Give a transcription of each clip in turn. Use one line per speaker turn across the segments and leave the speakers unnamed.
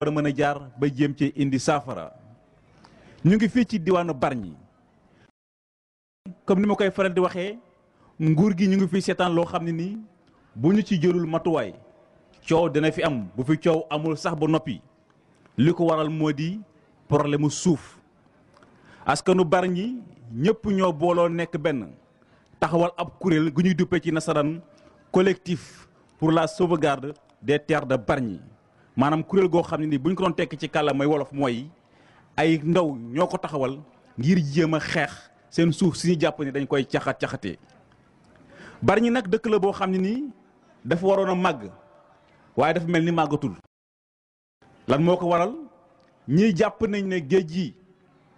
war mën a jaar ba jéem ci indi saafara ñu ngi fii ci diwaanu Bargny comme ni ma koy faral di waxee nguur gi ñu ngi fi seetaan loo xam ne nii bu ñu ci jëlul matuwaay coow dina fi am bu fi coow amul sax ba noppi li ko waral moo di problème mu suuf askanu Bargny ñëpp ñoo booloo nekk benn taxawal ab kuréel gu ñuy duppee ci nasaraan collectif pour la sauvegarde des terres de Bargny maanaam kuréel goo xam ne nii bu ñu ko doon tekk ci kàllamay may wolof mooy ay ndaw ñoo ko taxawal ngir jéem a xeex seen suuf si ñu jàpp ne dañ koy caxat caxatee bari ñi nag dëkk la boo xam ne nii dafa waroon a màgg waaye dafa mel ni màggatul lan moo ko waral ñiy jàpp nañ ne géej gi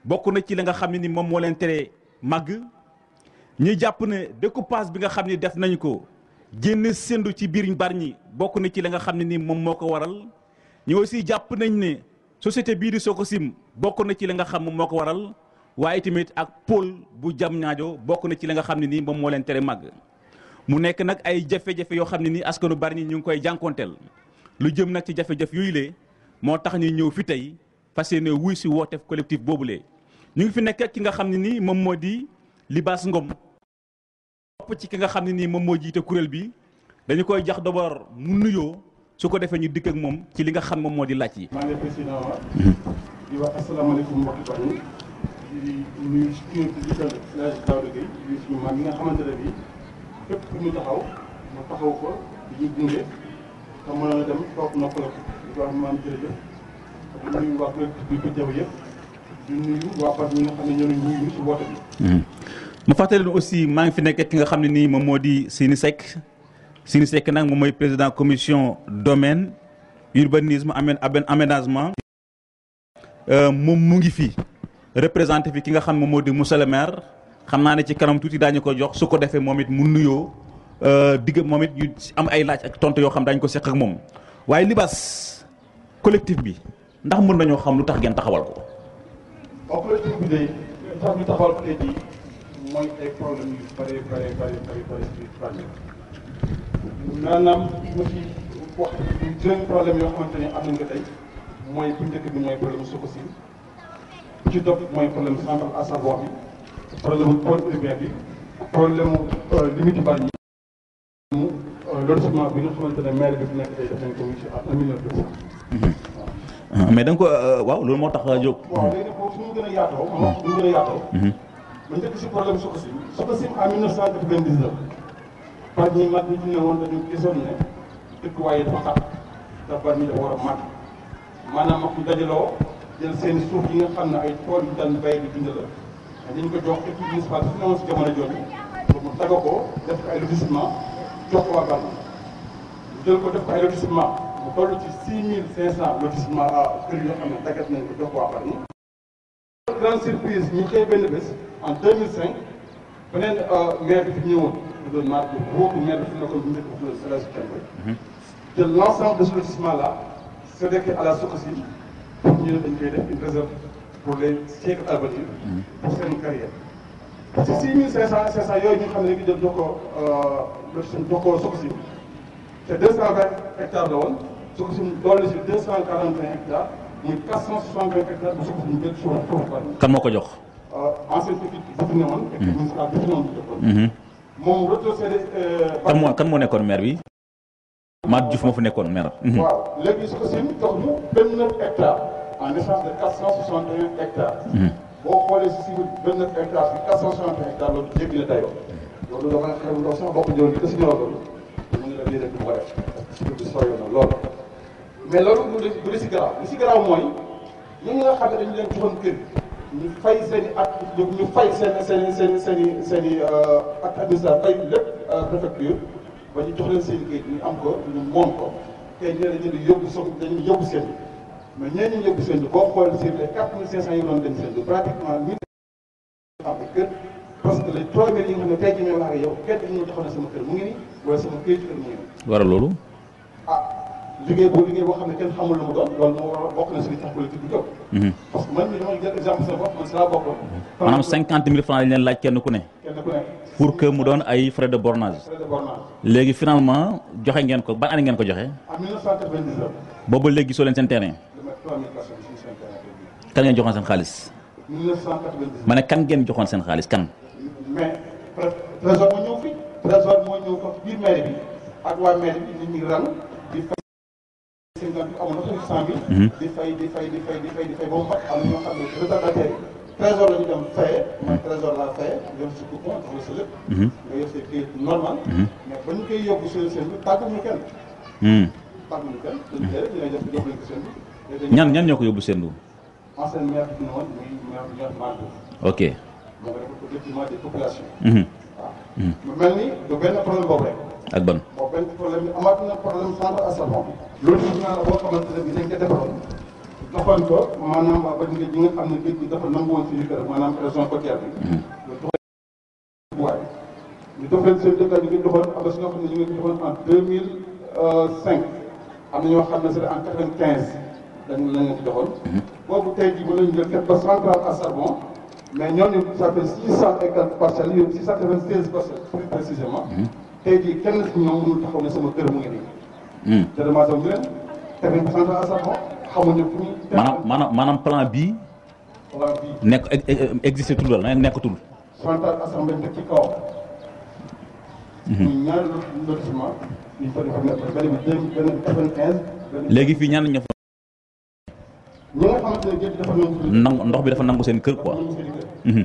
bokk na ci la nga xam ne ni moom moo leen tere màgg ñiy jàpp ne découpage bi nga xam ne def nañ ko génne séndu ci biir bari ñi bokk na ci la nga xam ne ni moom moo ko waral ñu aussi jàpp nañ ne société bii di soo Sococim bokk na ci li nga xam moo ko waral waaye tamit ak pôle bu jam ñaajoo bokk na ci li nga xam ne nii moom moo leen tere màgg mu nekk nag ay jafe-jafe yoo xam ne nii askanu bari ñi ñu ngi koy jànkonteel lu jëm nag ci jafe-jafe yooyu le moo tax ñu ñëw fi tey fas yéene wuy si wootef boobu le ñu ngi fi nekk ki nga xam ne nii moom moo di Libaas Ngom topp ci ki nga xam ne nii moom moo jiite kuréel bi dañu koy jax d'abord mu nuyoo su ko defee ñu dikk ak moom ci li nga xam moom moo di laaj yi.
maa ngi lay président mhm. di wax nga xamante ne bii fépp ko di ñu gunge te mën na dem
mhm. si maa ngi fi nekk ki nga xam ne nii moom moo di Sini Seck. Siri Seck moom mooy président commission domaine urbanisme aménagement euh, moom mu ngi fi représenté fi ki nga xam moom moo di monsieur le xam naa ne ci kanam tuuti daañu ko jox su ko defee moom it mu nuyoo euh, digg moom it ñu am ay laaj ak tontu yoo xam dañ ko seq moom waaye libaas collectif bi ndax mun nañoo xam lu tax ngeen taxawal ko.
maanaam ma fi wax problème yoo xamante ne am nañ ko tey mooy problème suuf si bu ci topp mooy problème central à savoir bi problème pôle urbain bi problème euh, limite bari yi mu euh, lotissement bi nga xamante ne maire bi fi nekk tey def nañ ko ci à un million
mais da ko euh, waaw loolu moo tax a jóg waaw
léegi boobu suñu gën a yaatoo moo suñu gën a yaatoo mm-hmm. ma njëkk si problème suuf si suuf si en fan yii mag ñi fi ne woon dañu gisoon ne dëkkuwaay dafa xat te ban dafa war a mat maanaam ak ñu dajaloo jël seen suuf yi nga xam ne ay tool yu daan bay di dund la dañ ko jox équipe municipale fi ne woon si jamono jooju pour mu daga ko def ko ay lotissement jox ko waa ban ñu jël ko def ko ay lotissement mu toll ci six mille cinq cent lotissement à kër yoo xam ne dagat nañ ko jox ko waa ban grande surprise ñu xëy benn bés en 2005 beneen euh, maire bi gouvernement pour beaucoup mettre sur l'école publique de la Soutien. De l'ensemble de ce lotissement-là, c'est à la Socosine pour ñu ne dañ koy def une réserve pour les siècles à venir. pour seen carrière. ci 6500 yooyu ñu xam ne dañuy jël doo ko lotissement euh, doo ko Socosine te 220 hectares la woon Socosine dolli si 241 hectares muy 465 hectares bu Socosine jël suuf kan moo ko jox. Euh, ancienne équipe bu fi newoon. équipe municipale bu fi newoon moom rétrocédé. Euh,
kan moo kan moo nekkoon maire bi. ma Diouf moo fa nekkoon maire. Mhm. waaw
léegi su ko siy jox ñu mhm. boo xoolee si si vingt neuf hectares quatre cent soixante et un hectares loolu jéggi na loolu dafa nekk xel ndox sama bokk njóor bi te si ngi la lii def parce que na loolu. mais loolu lu lu si garaaw li si garaaw mooy ñi nga xam ne dañu leen joxoon kër ñu fay seen i at ñu fay seen seen seen seen seen i euh, ak administration fay lépp euh, préfecture ba ñu jox leen seen kayit ñu am ko ñu moom ko te ñu ne dañu yóbbu so dañu yóbbu seen mais ñee ñu yóbbu seen boo xool sur les quatre mille cinq cent yi doon dem seen pratiquement mille am ay kër parce que les trois mille yi nga xam ne tey jii may wax ak yow kenn dañu joxoon sama kër mu ngi nii wala sama këyitu kër mu ngi nii. waral loolu ah, liggéey boo liggéey boo xam ne kenn xamul lu mu doon loolu mhm.
cinquante mille francs leen laaj kenn ku ne. pour que mu doon ay frais de bornage. léegi finalement joxe ngeen ko ban année ngeen ko joxe. en léegi soo leen seen terrain. kan ngeen joxoon seen xaalis.
1999.
kan ngeen joxoon seen xaalis kan.
président bi amoon na suñu cent mille di fay di fay di fay di fay di fay ba mu mat am na ñoo xam ne retardataire yi trésor la ñu dem faye man trésor laa faye yor si coupon jox la sa lépp nga yor sa kayit normal mais ba ñu koy yóbbu seen seen bi tàgguñu
kenn
tàgguñu kenn dañu teel ñu lay jox jox lañ ko seen bi
ñan ñan ñoo ko yóbbu seen du
ancien maire bi ne woon muy maire maire Mante ok moo nga def ko détriment des populations mhm. waaw mu mel ni du benn problème boobu rek ak ban ren problème
bi amaat na problème centre assainissement loolu gis naa la boo xamante ne bii dañ ko defaroon
doxoon ko maanaam waa bëri nga ji nga xam ne géej gi dafa nangu woon suñu kër maanaam région côtière bi. ñu doxalee waaye ñu dox leen seen dëkkaay ñu ngi doxoon am na si ñoo xam ne ñu ngi doxoon en deux mille euh, cinq am na ñoo xam ne c'est en quatre vingt quinze dañ la ñu ci doxoon. Mhm. boobu tey jii mën nañu jël quatre ba centrale à charbon mais ñooñu ça fait six cent et quelques parcelles yooyu six cent quatre vingt seize parcelles plus précisément. Mhm. tey jii kenn hmm. maanaam
maanaam maanaam plan bii. nekk e, e, existé tul nekk ci hmm. léegi fii ñaan ñoo fa. ndox bi dafa nangu seen kër ko joxoon. Hmm.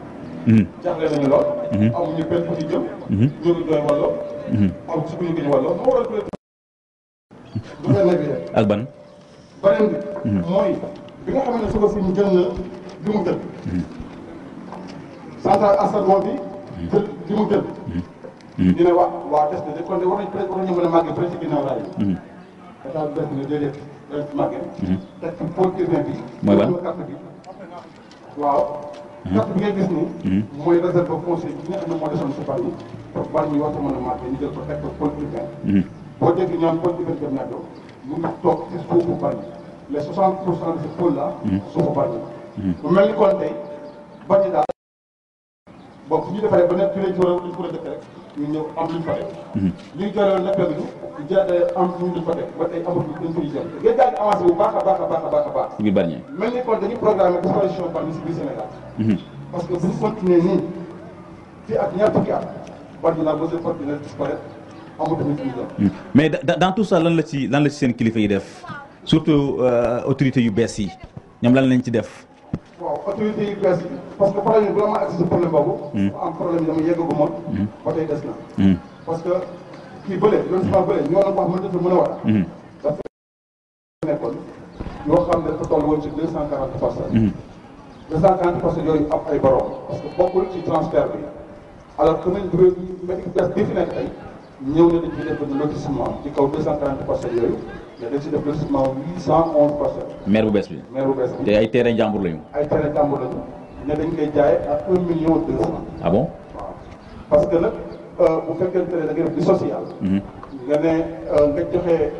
Mm-hmm.
jaaxle nañu lool. Mm-hmm. amuñu benn fu ñu jëm. ñooñu mm-hmm. doy wàlloo. am ci kuñu ko ñu wàlloo moo waral kuréel. du benn bi rek. ak ban. beneen bi. mooy bi nga xam ne suba si ñu jël na li mu jël. central Assad woo bi. jël
li mu jël. dina wax
waa test de kon de war nañu peut être war nañu mën a màggee peut être ci ginnaaw raay yi. état bi des na déedéet des màggee. teg ci pôle urbain bi. mooy ban waaw. natt bi ngay gis nii. Mmh. mooy réserve foncière bi nga xam ne moo desoon si Paris pour war ñu war ko mën a màggee ñu jël ko teg mmh. boo déggee ñoom pôle urbain dem naa doon ñu toog ci suufu bu mmh. mel ni kon tey ba ci daal bon fu ñu ko war a ñu ko def rek ñu ñëw am lu fa def. li ñu nekk euh, am lu ñu fa def ba tey amatuñu dañ koy jël. daal di avancé bu baax a baax a baax a baax a mel ni kon dañuy programmé disparition Bargny si biir Sénégal. Mhm. parce que bu ñu nii fii ak ñaar fukki at Badina boo see continuer disparaître amatuñu fi
mhm. mais dans tout ça lan la ci lan la ci seen kilifa yi def surtout euh, autorités yu bees yi ñoom lan lañ ci def.
waaw autorités yu bees yi parce que problème bi vraiment accès problème boobu. mu mhm. am problème dama yeggagu moom. ba des na. parce que kii bële lotissement bële ñoo doon wax mën na mën a nekkoon yoo xam ne dafa toll woon ci deux cent quarante personnes. deux cent quarante personnes yooyu am ay borom parce que bokkul ci transfert bi alors que même bureau bi bi fi nekk tey ñëw na dañ fi def benn lotissement ci kaw deux cent quarante personnes def lotissement huit cent onze personnes.
maire bu bees bi maire bu bees bi. te ay terrain jàmbur lañu.
ay terrain jàmbur lañu ne dañ koy jaayee ak un million deux cent.
ah
parce que nag euh, bu fekkente ne da nga def di social. Mhm. nga ne euh, nga joxe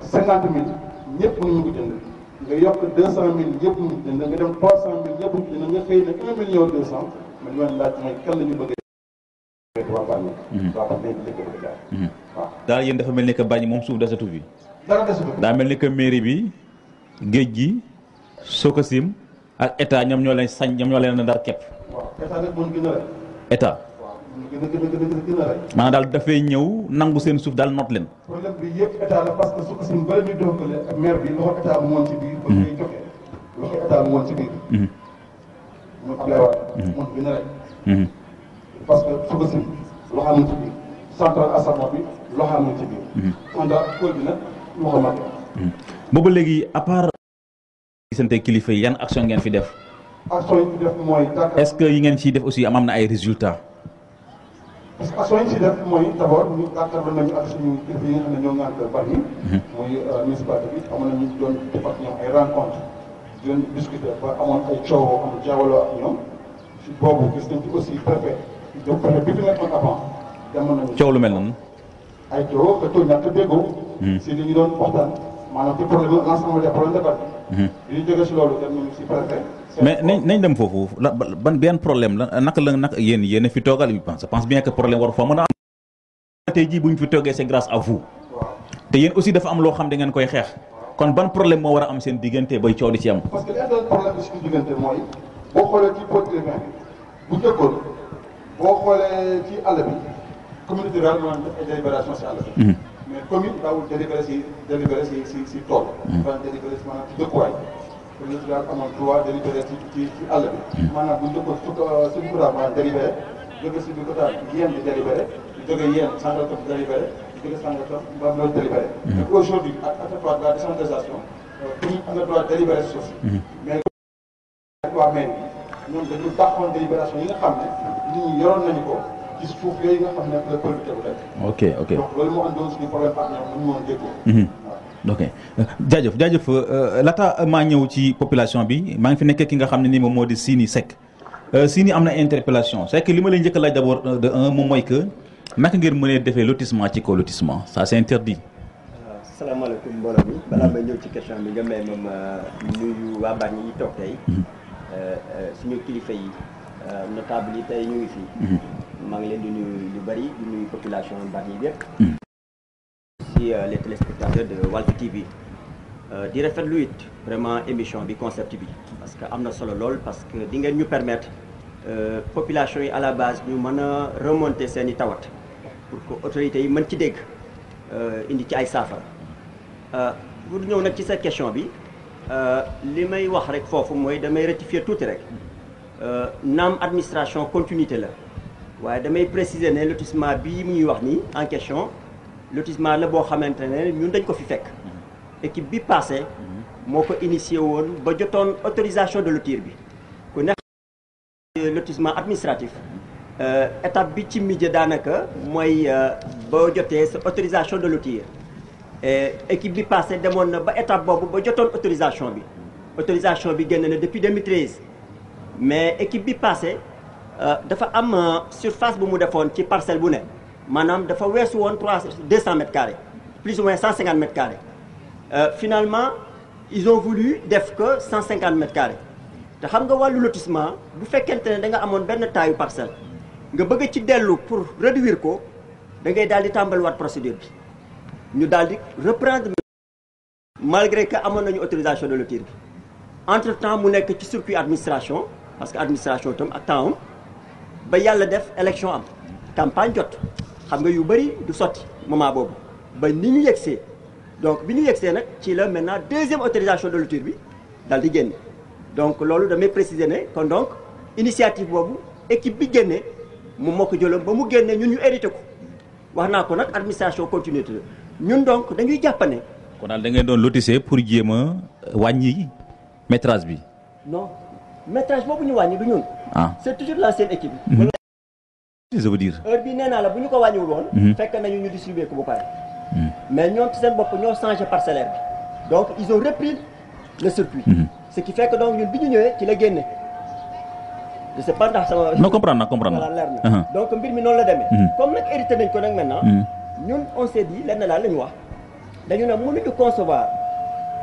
cinquante mille ñëpp mënuñu ko jënd. nga yokk mhm. mhm. daal. waaw
dafa mel ni que Bagne moom suuf desatu fi. dara desatu daa mel ni que mairie bi géej gi Sococim ak état ñoom ñoo leen sañ ñoom ñoo leen a ndar képp.
waaw moom gën a
état. maanaam daal dafay ñëw nangu seen suuf daal noot leen.
problème bi yëpp état maire bi loxo état mu ci biir. Mhm. ba loxo état mu ci biir. Mhm. mu Ablaye Wade. moom mhm. ci biir central assainissement
léegi à yan action ngeen fi def. yi ngeen ciy def aussi am am na ay résultats.
parce que si def mooy d' ñu ak suñu kilifa yi xam ne ñoo ŋànk bar yi mhm. muy euh, municipalité bi amoon nañu doon def ak ñoom ay rencontre di leen discuter ba amoon ay coowoo am jaawaloo ak ñoom si boobu gis nañ ci aussi préfet donc préfet bi fi nekkoon avant demoon nañu coow lu mel noonu ay coow te too ñàkk déggoo mhm. si li ñu doon waxtaan maanaam ci problème l'ensemble des problèmes de Mm-hmm. ñu jóge si
mais nañ nañ dem foofu la ban benn problème la naka la naka yéen yéen fi toogal je pense je pense problème waru fa mën a am. tey jii bu ñu fi toogee c'est grâce à vous. te yéen aussi dafa am loo xam da ngeen koy xeex. kon ban problème moo war am seen diggante bay coow di ci am.
moo def mais commune daawul délibéré si délibéré si si tool. Hmm. maanaam si maanaam ci dëkkuwaay. te ñun daal amoon trois délibéré ci ci ci àll bi. Hmm. maanaam bu ñu dëkkoon su ko suñu kuréel maanaam délibéré jóge si biir côté yéen di délibéré jóge yéen sànqal ko délibéré jóge sànqal ko mbaam aujourd'hui ak à chaque fois la décentralisation commune euh, am na droit hmm. mais waa mairie ñoom dañu baaxoon délibération yi nga xam ne nit ñi nañu ko. discours yooyu nga xam ne le mhm.
euh, euh, maa ñëw ci population bi maa ngi fi nekk ki nga xam ne nii moom moo di siini Seck euh, Sini am na interpellation c'est que li ma lay njëkk a laaj de un moom mooy que naka ngeen mënee defee lotissement ci kaw lotissement ça c'est interdit.
salaamaaleykum mbooloo mi balaa may ñëw ci question bi nga may moom nuyu waa Bargny yi toog tey mhm. suñu kilifa yi notable yi tey ñu ngi fi. Mhm. maa ngi leen di nuyu lu bari di nuyu population Bargny bi yëpp. si hmm. les téléspectateurs de Walf TV euh, di rafetlu it vraiment émission bi concept bi parce que am na solo lool parce que di ngeen ñu permettre euh, population yi à la base ñu mën a remonter seen i tawat pour que autorité yi mën ci dégg euh, indi ci ay saafara pour ñëw nag ci sa question bi li may wax rek foofu mooy damay rectifier tuuti rek naam administration continuité la. waaye damay préciser ne lotissement bii muy wax nii en question lotissement la boo xamante ne ñun dañ ko fi fekk mhm. équipe bi passé mhm. moo ko initié woon ba jotoon autorisation de lotir bi ku nekk lotissement administratif mhm. euh, étape bi ci mujj daanaka mooy euh, boo jotee sa autorisation de lotir et équipe bi passé demoon na ba étape boobu ba jotoon autorisation bi autorisation bi génn na depuis 2013 mais équipe bi passé Euh, dafa am euh, surface bu mu defoon ci parcelle bu ne maanaam dafa weesu woon trois deux cent mètres carrés plus ou moins cent cinquante mètres carrés euh, finalement ils ont voulu def ko cent cinquante mètres carrés te xam nga wàllu lotissement bu fekkente ne da nga amoon benn taayu parcelle nga bëgg ci dellu pour réduire ko da ngay daal di tàmbaliwaat procédure bi ñu daal di reprendre malgré que amoon nañu autorisation de lotir bi entre temps mu nekk ci circuit administration que administration tam ak temps ba yàlla def élection am campagne jot xam nga yu bëri du sotti moment boobu ba ni ñu yegsee donc bi ñu yegsee nag ci la maintenant deuxième autorisation de lecture bi dal di génne donc loolu damay préciser ne kon donc initiative boobu équipe bi génnee moom moo ko jëloon ba mu génnee ñun ñu hérité ko wax naa ko nag administration continuité ñun donc dañuy jàppane.
kon daal da ngeen doon lotissé pour jéem a wàññi métrage bi.
métrage boobu ñu wàññi du ñun. ah c' est toujours l' ancienne équipe. je mhm. nee naa la bu ñu ko wàññiwul woon. Mhm. fekk nañu ñu distribuer ko bu pare. Mhm. mais ñoom ci seen bopp ñoo changé parcellaire bi. donc ils ont repris le circuit. ce qui fait donc ñun bi ñu ñëwee ci la génne. je sais pas ndax sama. non comprendre naa comprendre naa leer na. Uh-huh. donc mbir mi noonu la demee. comme nag hérité nañ ko nag maintenant. ñun on s' est dit lenn daal la ñu wax dañu ne mënuñu concevoir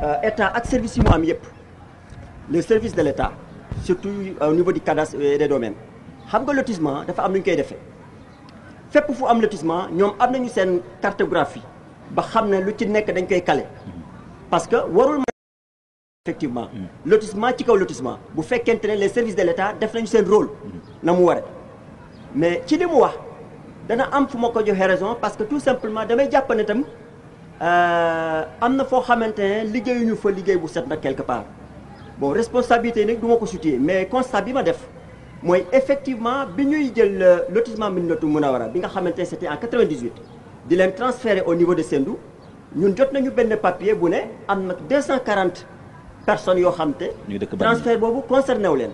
euh, état ak service yi mu am yëpp les services de l' état. surtout euh, niveau de cadastre et euh, des domaines xam nga lotissement dafa am lu ñu koy defee fépp fu am lotissement ñoom am nañu seen cartographie ba xam ne lu ci nekk dañ koy kale parce que warul effectivement mm. lotissement ci kaw lotissement bu fekkente ne les service de l'État def nañu seen rôle na mu waree mais ci li mu wax dana am fu ma ko joxee raison parce que tout simplement damay jàpp ne tam euh, am na foo xamante ne liggéeyuñu fa liggéey bu set na quelque part bon responsabilité yi nag du ma ko situé mais constat bi ma def mooy effectivement bi ñuy jël euh, lotissement Médinatoul Mounawara bi nga xamante ne c'était en 98 di leen transféré au niveau de Sendou ñun jot nañu benn papier bu ne am na 240 personnes yoo xam te transfert boobu concerné wu leen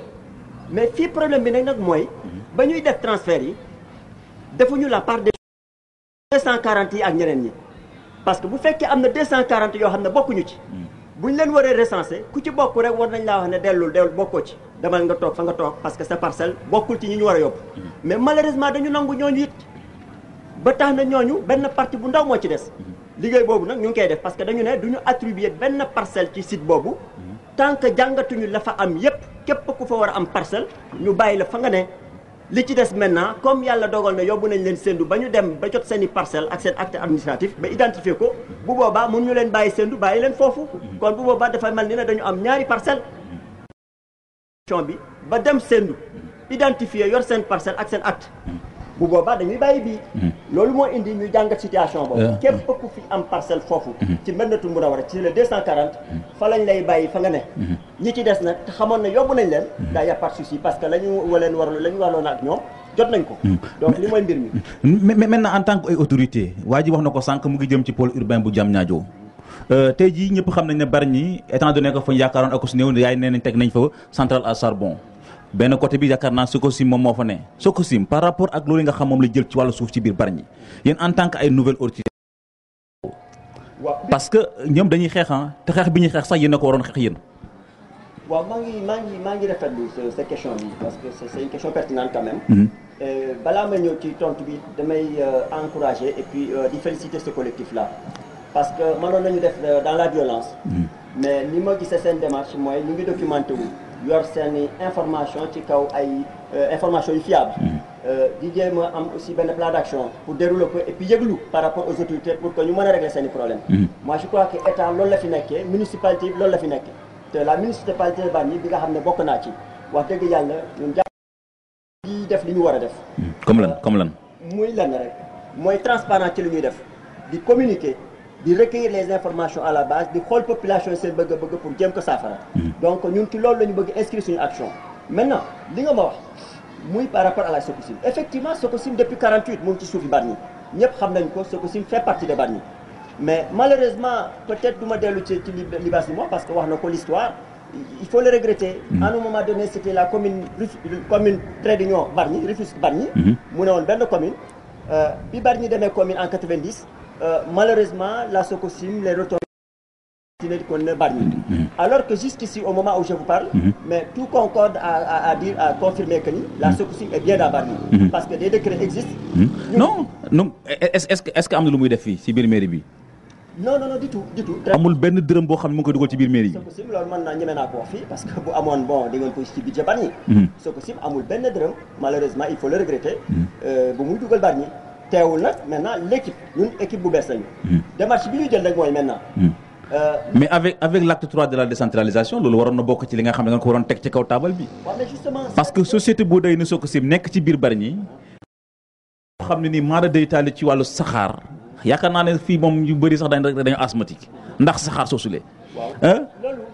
mais fii problème bi nag nag mooy mhm. ba ñuy def transfert yi defuñu la part des 240 yi ak ñeneen ñi parce que bu fekkee am na 240 yoo xam ne bokkuñu ci mhm. buñ leen waree recensé ku ci bokk rek war nañ laa wax ne dellul dellul bokkoo ci demal nga toog fa nga toog parce que sa parcelle bokkul ci ñi ñu war a yóbbu mm-hmm. mais malheureusement dañu nangu ñooñu it ba tax na ñooñu benn partie bu ndaw moo ci des mm-hmm. liggéey boobu nag ñu ngi koy def parce que dañu ne duñu attribuer benn parcelle ci site boobu
mm-hmm.
tant que jàngatuñu la fa am yépp képp ku fa war a am parcelle ñu bàyyi la fa nga ne li ci des maintenant comme yàlla dogal na yóbbu nañ leen sendu ba ñu dem ba jot seeni i parcelle ak seen acte administratif ba identifier ko bu boobaa mun ñu leen bàyyi sendu bàyyi leen foofu kon bu boobaa dafay mel ni ne dañu am ñaari parcelle bi ba dem sendu identifier yor seen parcelle ak seen acte bu boobaa dañuy bàyyi bii mhm. loolu moo indi ñu jàngat situation boobu képp ku fi am parcelle foofu mhm. ci Madinatul Munawwara ci le deux cent quarante mhm. fa lañ lay bàyyi fa nga ne ñi ci des nag te xamoon na yóbbu nañ leen daa y a parce que la ñu waleen war la ñu warloon ak ñoom jot nañ ko donc li mooy mbir mi
mais maintenant en tant que ay autorité waa ji wax na ko sànq mu ngi jëm ci pôle urbain bu Diamniadio euh, tey jii ñëpp xam nañ ne Bargny étant donné que fa ñu yaakaaroon yaay nee nañ teg nañ fa centrale à charbon benn côté bi yaakaar naa moom moo fa ne Sococim par rapport ak loolu nga xam parce que ñoom dañuy xeex ah, te xeex bi ñuy xeex sax yéen a ko waroon xeex yéen.
waaw maa ngi maa ngi maa ngi rafetlu sa question bi parce que c'est une question pertinente quand même. Mm-hmm. Euh, balaa ma ñëw ci tontu bi damay euh, encourager et puis euh, di féliciter ce collectif là. parce que mënoon nañu def dans la violence. Mm-hmm. mais ni ma gisee seen démarche mooy ñu ngi documenté yor seeni information ci kaw ay euh, information yu fiable hmm. euh, di jéem a am aussi benn plan d'action pour dérouler ko et puis yëglu par rapport aux autorités pour que ñu mën a régler seeni problème hmm. moi je crois que état loolu la fi nekkee municipalité bi loolu la fi nekkee te la municipalité Bargny bi nga xam ne bokk naa ci wax dëgg yàlla ñun jàpp di def li ñu war a def
hmm. comme lan comme lan
muy lan rek mooy transparent ci li ñuy def di communiqué di recueillir les informations à la base di xool population yi seen bëgg-bëgg pour jéem ko saafara. Mm-hmm. donc ñun ci loolu la ñu bëgg inscrire suñu action. maintenant li nga ma wax muy par rapport à la Sococim effectivement Sococim depuis 48 mu ngi ci suuf Bargny ñëpp xam nañ ko Sococim fait partie de Bargny mais malheureusement peut-être du dellu ci ci libaas bi parce que wax na ko l'histoire il faut le regretter. Mm-hmm. à un moment donné la commune commune trait d'union Bargny Rufisque Bargny. Mm-hmm. mu ne euh, demee commune en 90. Euh, malheureusement la Sococim les retombées qu'on ne barni. Mhm. Alors que jusqu'ici, au moment où je vous parle, mhm. mais tout concorde à, à, confirmer que la Sococim mhm. est bien à Barni. Parce que des décrets existent. Mm -hmm. Non,
non. Est-ce est est qu'il y a un de fille, si bien mairie bi?
non non non du tout du tout.
amul benn dërëm boo xam ne mu ngi koy dugal ci biir mairie yi.
Sococim loolu mën naa ñeme naa ko wax fii parce que bu amoon bon di ngeen ci budget Bargny. amul benn dërëm malheureusement il faut le regretter. Euh, bu muy dugal teewul nag maintenant l' ñun équipe bu bees lañu. Hmm. démarche bi ñu jël hmm. euh,
mais avec avec l' acte trois de la décentralisation loolu waroon na bokk ci li nga xam ne nga ko waroon teg ci kaw taabal bi. parce que société bu day ni soo ko sim nekk ci biir bari ñi. xam ne ni maara day taali ci wàllu saxaar yaakaar naa ne fii moom yu bëri sax dañ rek dañu asthmatique ndax saxaar soosulee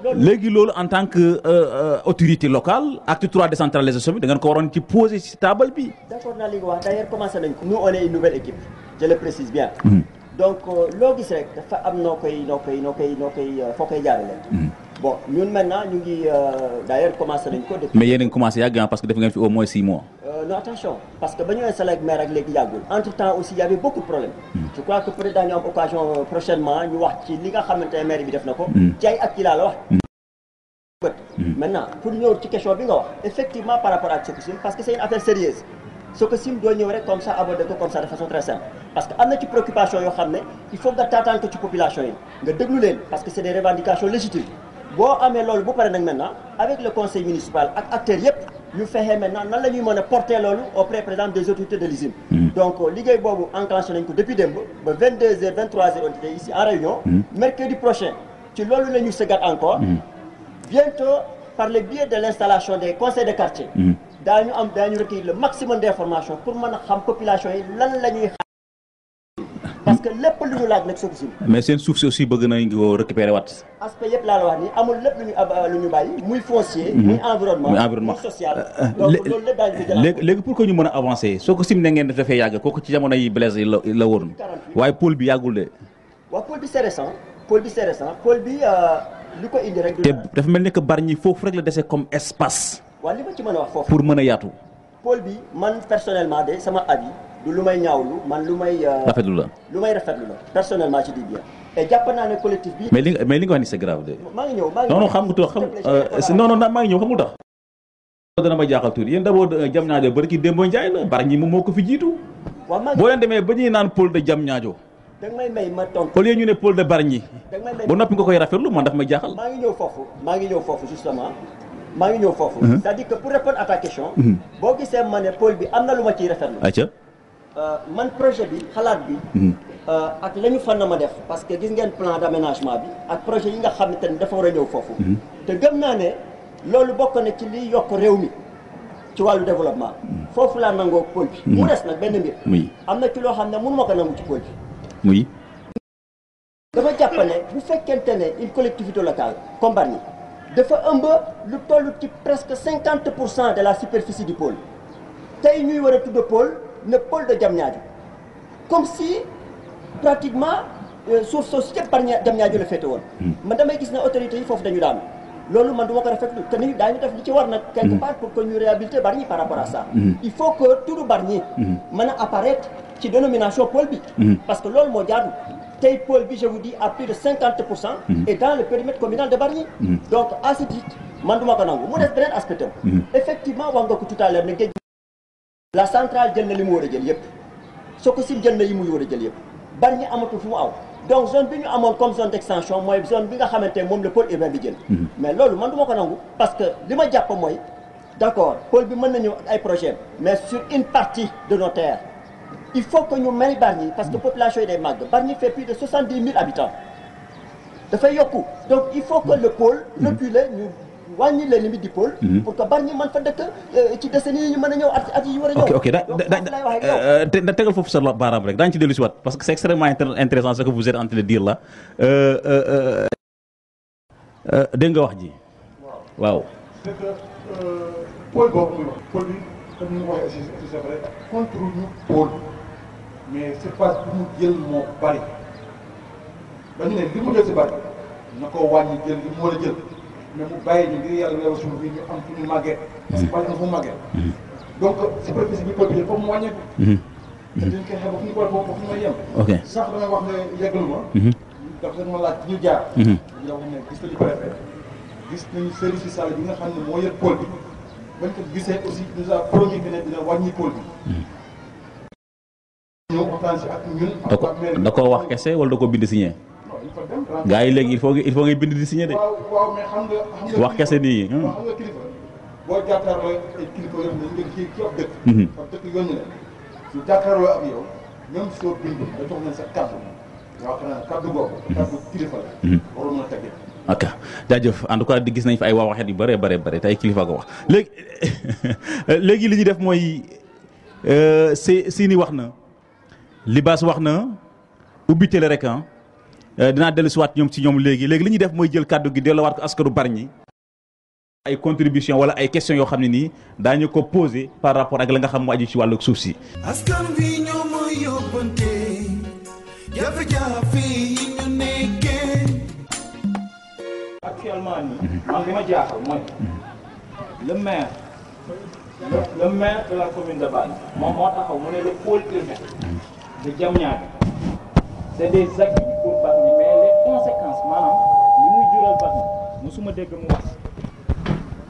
léegi loolu en tant que euh, euh, autorité locale acte trois décentralisation bi da ngeen ko waroon ci poser ci table bi.
d'accord naa li nga wax d'ailleurs commencé nañ ko. nouvelle équipe je le précise bien. Mm-hmm. donc euh, loo gis rek am noo koy noo koy noo koy noo koy foo koy jaarale. Mm-hmm. bon ñun maintenant ñu ngi d'ailleurs commencé nañ ko.
mais yéen a ngi commencé yàgg parce que def ngeen fi au moins six mois.
Euh, non attention parce que ba ñu installé ak maire ak léegi yàggul entre temps aussi y' avait beaucoup de problèmes. Hmm. je crois que peut-être am occasion euh, prochainement ñu wax ci li nga xamante maire bi def na ko. Hmm. ci ay ak ci laa la wax. Hmm. maintenant pour ñëw ci question bi nga wax effectivement par rapport ak Sococim parce que c' une affaire sérieuse Sococim doo ñëw rek comme ça aborder ko comme ça de façon très parce que am na ci préoccupation ñu fexe maintenant nan la mën a porter loolu auprès par exemple des autorités de l'usine mm. donc euh, liggéey boobu enclenché nañ ko depuis démb ba 22 heures 23 heures on était ici en réunion mm. mercredi prochain ci loolu la ñu sëgaat encore mm. bientôt par le biais de l'installation des conseils de quartier daañu am daañu recueillir le maximum d'informations pour mën a xam population yi lan la ñuy te lépp lu ñu laaj ñu lu ñu bàyyi. muy foncier. Mhm. muy environnement euh, euh,
léegi pour que ñu mën a avancer soo ko sim ne ngeen dafay yàgg kooku ci jamono yi Blaise la woon. waaye pôle bi yàggul de.
waaw pôle bi c'est récent pôle bi euh, lu ko indi rek. te
dafa mel ni que Bargny foofu rek la dese comme espace.
waaw li ma ci mën a wax foofu. pour mën a yaatu. pôle bi man personnellement de sama avis du lu may ñaawlu man lu may. Euh, rafetlu la lu may rafetlu la personnellement ci di bien. jàpp naa ne bi. mais li
nga mais li nga wax ni c'est grave de. maa ngi ñëw maa ma jaaxal tuuti yéen d'abord jam euh, ñaajo bari ki démb njaay la bari ñi moom moo ko fi jiitu. waaw maa boo leen demee ba ñuy naan pôle de jam ñaajo.
da nga may ma tontu.
ñu ne pôle de Bargny. da nga may may ba noppi nga koy rafetlu man daf may jaaxal. maa
ngi ñëw foofu maa ngi ñëw foofu justement maa ngi mhm. dire que pour répondre à question. Mhm. boo gisee ma ne pôle bi am na lu ma ciy rafetlu. Euh, man projet bi xalaat bi. Euh, ak la fan na ma def parce que gis ngeen plan d'aménagement bi ak projet yi nga xam ne dafa war a ñëw foofu. Mhm. te gëm naa ne loolu bokk na ci liy yokk réew mi ci wàllu développement. Mhm. foofu laa nangoo pôle mhm. mu des nag benn mbir. muy am na ci loo xam ne mënu ma ko nangu ci pôle bi. muy. dafa jàpp bu fekkente ne une collectivité locale comme Bargny dafa ëmb lu toll ci presque cinquante pour cent de la superficie di pool tey ñuy war a tudd pôle. le pôle de Diamniadio comme si pratiquement euh, suuf soosu yëpp par la féete woon. Hmm. man damay gis ne autorités yi foofu dañu daanu. loolu man du ma ko rafetlu te nit daañu def li ci war nag. Hmm. quelque part pour que ñu réhabiliter Bargny par rapport à ça. Hmm. il faut que turu Bargny. mën a apparaître ci dénomination pôle bi. parce que loolu moo jaadu. tey pôle bi je vous dis à plus de pour cent. et dans le périmètre communal de Bargny. donc à man du ko nangu mu la centrale jël na li mu war a jël yëpp soo ko sim jël na yi muy war a jël yëpp bari ñu amatul fu mu aw donc zone bi ñu amoon comme zone d'extension mooy zone bi nga xamante moom la pôle urbain bi jël mhm. mais loolu man du ko nangu parce que li ma jàpp mooy d'accord pôle bi mën nañu ay projet mais sur une partie de nos il faut que ñu may Bargny parce que mhm. population yi day màgg Bargny fait plus de soixante-dix mille habitants dafay yokku donc il faut que le pôle mhm. reculer wàññi leen di pôle. Mhm. pour que bari ñi mën fa dëkk euh, ci décennie yi ñu mën a ñëw at yi ok ok da euh,
tegal foofu sa baaraam rek daañu ci dellu si waat parce que c'est extrêmement intéressant ce que vous êtes en train euh, wax ji.
dañu ne li mu jël si bari na ko wàññi jël li mu war jël. mais bu bàyyi ñu ngir yàlla yow suuf bi ñu am fu ñu màggee. parce bàyyi am fu mu màggee. donc superficie bi mhm.
Mhm. Mhm.
gis nañu préfet gis nañu service bi sale bi nga xam ne moo yor pôle bi bañ ko gisee aussi nous a promis que ne dina wàññi pôle bi.
da ko wax kese wala da koo bind signé. gaa yi léegi il faut il bind di signé de.
wax kese nii. Hmm. waaw xam ab dëkk. Mhm. ab dëkk yónni la su jàkkaarloo ak yow sa kàddu waaw xanaa kàddu boobu. Mhm. Mhm.
en tout cas gis nañ fa ay wax waxet yu bëree bëree bëri tey kilifa ko wax léegi léegi li ñu def mooy euh, si Sini wax na Libaas wax na ubbi télé rek ah. Euh, dina dellu si waat ñoom ci ñoom léegi léegi li ñuy def mooy jël kàddu gi delloowaat ko askanu Bargny ay contribution wala ay question yoo xam ne nii daañu ko posé par rapport ak la nga xam mu aju ci wàllu suuf si.
askan wi ñoo ma yóbbante
jafe-jafe yi ñu nekkee. musuma dégg mu wax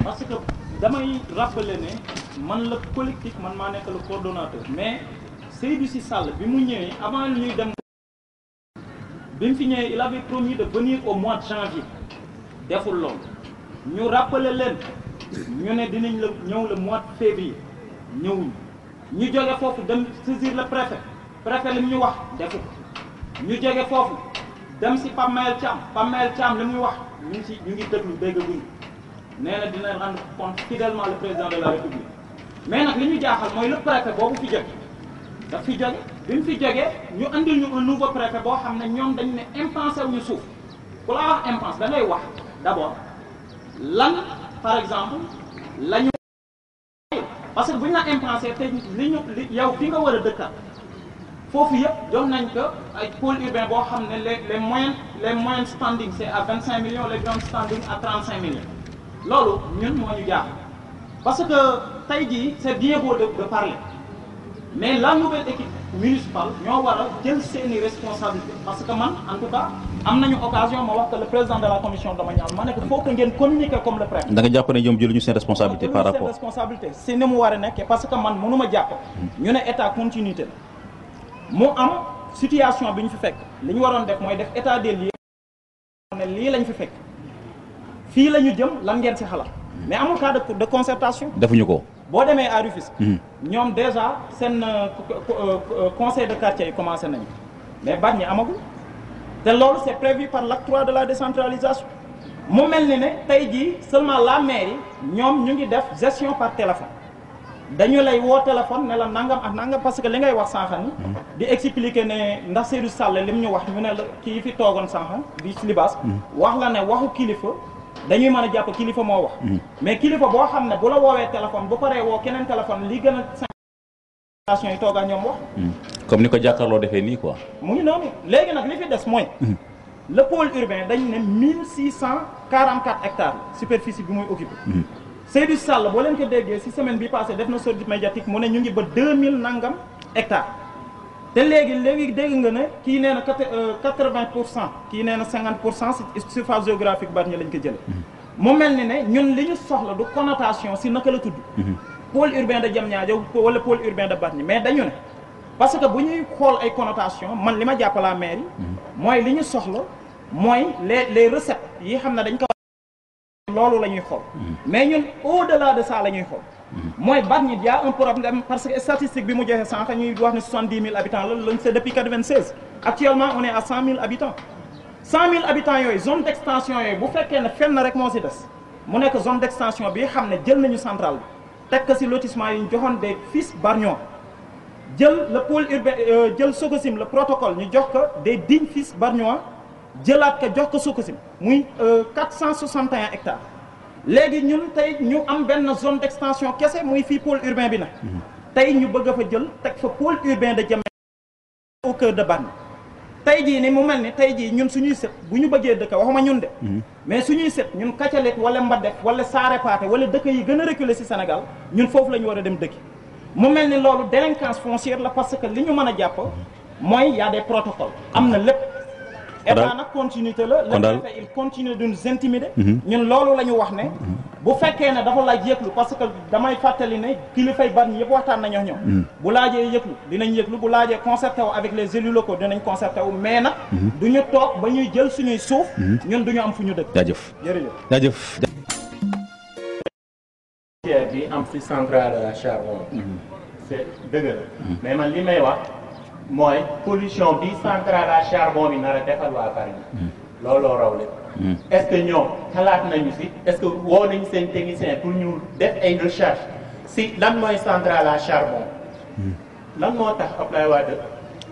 parce que damay rappeler ne man la politique man maa nekk le coordonnateur mais Seydou Sy Sall bi mu ñëwee avant ñuy dem bi mu fi ñëwee il avait promis de venir au mois de janvier deful loolu ñu rappeler leen ñu ne dinañ la ñëw le mois de février ñëwuñu ñu joge foofu dem saisir le préfet préfet li mu ñu wax defu ñu jóge foofu dem si Pape Mayel Thiam Pape Mayel Thiam li muy wax ñu ngi si ñu ngi déglu déggaguñ nee na dina rendre compte fidèlement le président de la république mais nag li ñu jaaxal mooy le préfet boobu fi jóge daf fi jóge bi mu fi jógee ñu indi ñu un nouveau préfet boo xam ne ñoom dañu ne impensé wu ñu suuf ku la wax impense da wax d'abord lan par exemple la ñu parce que bu ñu la impensé te li ñu li yow fi nga war a dëkka foofu yëpp doon nañ ko ay pôle urbain boo xam ne les les moyens les moyens standing c' est à 25 millions les grands standing à 35 millions loolu ñun moo ñu jaax parce que tey jii c' est bien beau de de parler mais la nouvelle équipe municipale ñoo war jël seeni responsabilité parce que man en tout cas am nañu occasion ma wax que le président de la commission domaniale ma ne ko faut ngeen communiquer comme le préfet. da nga jàpp ne a nekkee parce que mm-hmm. ñu mu am situation bi ñu fi fekk li ñu waroon def mooy def état de des lieux ne lii lañ fi fekk fii la ñu jëm lan ngeen si xalaat mais amul cas de de concertation. defuñu ko. boo demee à Rufisque. Mm-hmm. ñoom déjà seen euh, euh, euh, conseil de quartier yi commencé nañu mais baat ñi amagul te loolu c'est prévu par l'acte 3 de la décentralisation mu mel ni ne tey jii seulement la mairie ñoom ñu ngi def gestion par téléphone. dañu lay woo téléphone ne la nangam ak nangam parce que li ngay wax sànq ni hmm. di expliquer ne ndax Seydou Sall lim ñu wax ñu ne la kii fi toogoon sànq di ci libaas hmm. wax la ne waxu kilifa dañuy mën a jàpp kilifa moo wax hmm. mais kilifa boo xam ne bu la woowee téléphone bu paree woo keneen téléphone li gën a station yi toog ak ñoom wax
comme ni ko jàkkaarloo defee nii ko
quoi mu ngi noonu léegi nag li fi des mooy le pôle urbain dañu ne mil six cent quarante quatre hectares superficie bi muy occupé Seydou Sall boo leen ko déggee ci semaine bi passé def na sortie médiatique mu ne ñu ngi ba 2000 nangam hectares te léegi léegi dégg nga ne kii nee na euh, quatre-vingt pour cent kii nee na cinquante pour cent ci surface géographique Bargny lañ ko jële mhm. mu mel ni ne ñun li ñu soxla du connotation ci naka la tudd mhm. pôle urbain de Diamniadio wala pôle urbain de Bargny mais dañu ne parce que bu ñuy xool ay connotation man li ma jàppalaa mairie mhm. mooy li ñu soxla mooy les les recettes yi loolu la ñuy xool mais ñun au delà de ça la ñuy xool mooy bat ñi y a un parce que statistique bi mu joxe sànq ñuy wax ne soixante dix mille habitants la loolu c'est depuis quatre vingt actuellement on est mille habitants habitants yooyu zone d' extension yooyu bu fekkee ne fenn rek moo si des mu nekk zone d' extension bi xam ne jël nañu centrale bi teg ko si lotissement yi ñu joxoon des fils Bargnon jël le pôle urbain euh, jël Sococim le protocole ñu jox ko des dignes fils Bargnon jëlaat ko jox ko si muy 461 euh, hectares léegi ñun tey ñu am benn zone d'extension kese muy fii pôle urbain bi na mhm. tey ñu bëgg a fa jël teg fa pôle urbain de Diamé au cœur de Bargny tey jii ni mu mel ni tey jii ñun suñuy sët bu ñu bëggee wax ma ñun de mhm. mais suñuy sët ñun Kacalet wala Mbadef wala Saarepaate wala dëkk yi gën a reculer ci senegal ñun foofu la ñu war a dem dëkki mu mel ni loolu délinquance foncière la parce que li ñu mën a jàpp mhm. mooy y a des am na lépp état nag continuité la le préfet il continue de nous mhm. ñun loolu la ñu wax ne bu fekkee ne dafa laaj yëglu parce que damay fàttali ne kilifay ban yëpp waxtaan nañoo ñoom mhm. bu laajee yëglu dinañ yëglu bu laajee concerté wu avec les élus locaux dinañ concerté wu mais na mhm. du toog ba ñuy jël suñuy suuf ñun du am fu ñu dëkk jaajëf jërëjëf jaajëf di am fi centrale
à charbon c'est dëgg la mais man mooy pollution bi centrale à charbon bi na a defal waa Bargny hmm. looloo raw leen hmm. est-ce que ñoom xalaat nañu si est-ce que woo lañu seen technicien pour ñu def ay recherche si lan mooy centrale à charbon hmm. lan moo tax Abdoulaye Wade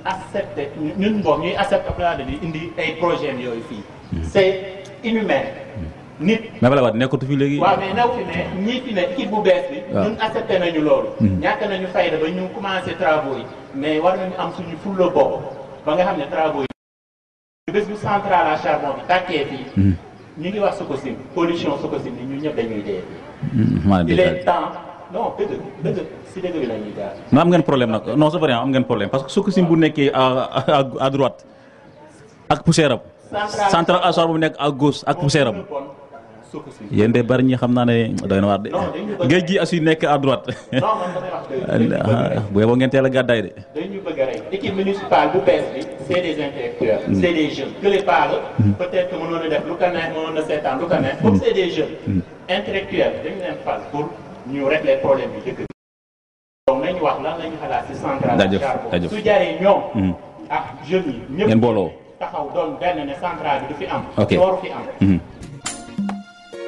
accepté ñun boog ñuy accepté Abdoulaye Wade di indi ay projet yooyu fii c'est inhumain
nit. mais balaa waat nekkatu fii léegi. waaw mais
naw fi ne ñii fi ne équipe bu bees bi. waaw ñun nañu loolu. Hmm. ñàkk nañu fayda ñu commencé travaux yi. mais war nañu am suñu fulla bopp ba nga xam ne travaux yi. bés hmm. ñu ngi wax Sococim pollution Sococim bi ñun ñëpp dañuy dee.
Hmm, maanaam il est
temps non dëgg dëgg si dëgg bi la ñuy jaar.
am ngeen problème nag non c'est vrai am ngeen problème parce que Sococim bu nekkee à à droite ak poussière am. centrale à bu nekk à gos ak poussière yéen de bari ñi xam naa ne doy na waar de géej gi as yu nekk à droite bu yeboo ngeen teel a de.
dañu bëgg a rey équipe municipale bu bees bi c'est des intellectuels. Mm. c'est des jeunes mm. être mënoon a def lu ko neex mënoon a seetaan lu ko neex. comme mm. c'est des jeunes. intellectuels dañu leen fal pour ñu régler problème bi dëkk bi. nañu wax la ñu xalaat ci centrale. daajëf daajëf su jaree ñoom. ak ah, booloo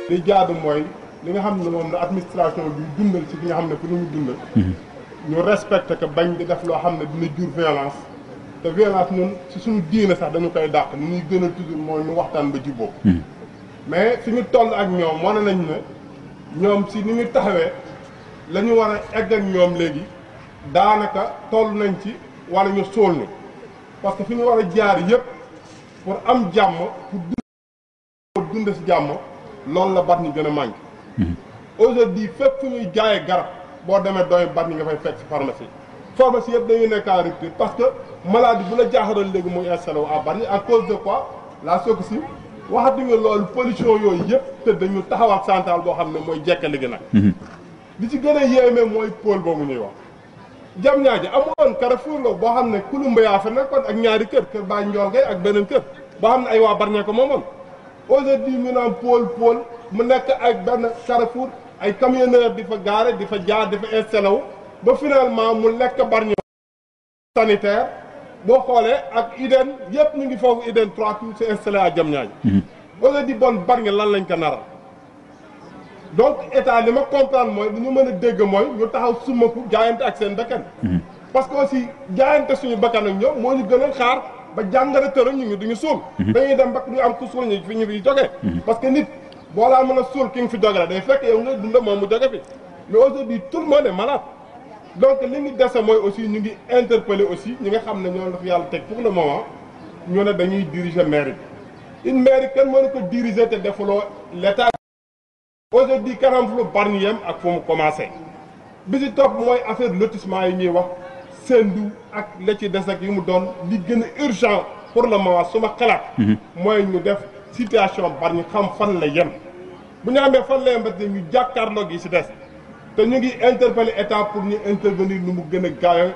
li jaadu mooy li nga xam ne moom la administration bi dundal ci li nga xam ne pour ñu dundal. Mhm. ñu respecté ko bañ bi def loo xam ne dina jur violence. te violence ñun ci suñu diine sax dañu koy dàq ni ñuy gën a toujours mooy ñu waxtaan ba jubóo. Mhm. mais fi ñu toll ak ñoom wane nañ ne ñoom ci ni ñu taxawee la ñu war a egg ñoom léegi daanaka toll nañ ci wala ñu sool ñu parce que fi ñu war a jaar yëpp pour am jàmm pour dund si jàmm. loolu la bat ñi gën a manqué mhm. aujourd'hui fépp fu ñuy jaayee garab boo demee doy bat ñi nga fay fekk si pharmacie pharmacie yëpp dañuy nekk en rupture parce que maladie bu la jaaxaral léegi muy installé wu à bat ñi à cause de quoi la soog si waxati nga loolu pollution yooyu yëpp te dañu taxawaat santaal boo xam ne mooy jekkali gi nag mhm. li ci gën a yéeme mooy pôle boobu ñuy wax jam ñaa ji amoon Carrefour la boo xam ne Koulumba yaa fa nekkoon ak ñaari kër kër baa njool beneen kër boo xam ne ay waa Bargny ko moomoon aujourd'hui ñu naan pôle pôle mu nekk ay benn Carrefour ay camionneur di fa gaare di fa jaar di fa installé wu ba finalement mu lekk barñu sanitaire boo xoolee ak Iden yëpp ñu ngi foofu Iden 3 tout c'est installé à Diamniadio mhm. aujourd'hui bon barñu lan lañ ko naral donc état li ma comprendre mooy lu ñu mën a dégg mooy ñu taxaw suma summaku jaayante ak seen bakkan mhm. parce que aussi jaayante suñu bakkan ak ñoom moo ñu gën a xaar ma jàngale tëral ñu ngi duñu suul mhm. dañuy dem ba du am ku suul ñu fi ñu fi jógee mhm. parce que nit boo laa mën a suul ki nga fi jóge la day fekk yow nga dunda moom mu jóge fi mais aujourd'hui tout le monde est malade donc li ñu dese mooy aussi ñu ngi interpellé aussi ñi nga xam ne ñoo la fi yàlla teg pour le moment ñoo ne dañuy diriger mairie bi une maire kenn ne ko diriger te defuloo l'état aujourd'hui kanam fu lu bari yem ak fu mu commencé bi si topp mooy affaire lotissement yi ñuy wax seendu ak la ci des ak yu mu doon li gën a urgent pour le moment suma xalaat mhm. mooy ñu def situation bar ñu xam fan la yem bu ñu amee fan la yem ba te ñu jàkkaarloog yi si des te ñu ngi interpeller état pour ñu intervenir lu mu gën a gaawe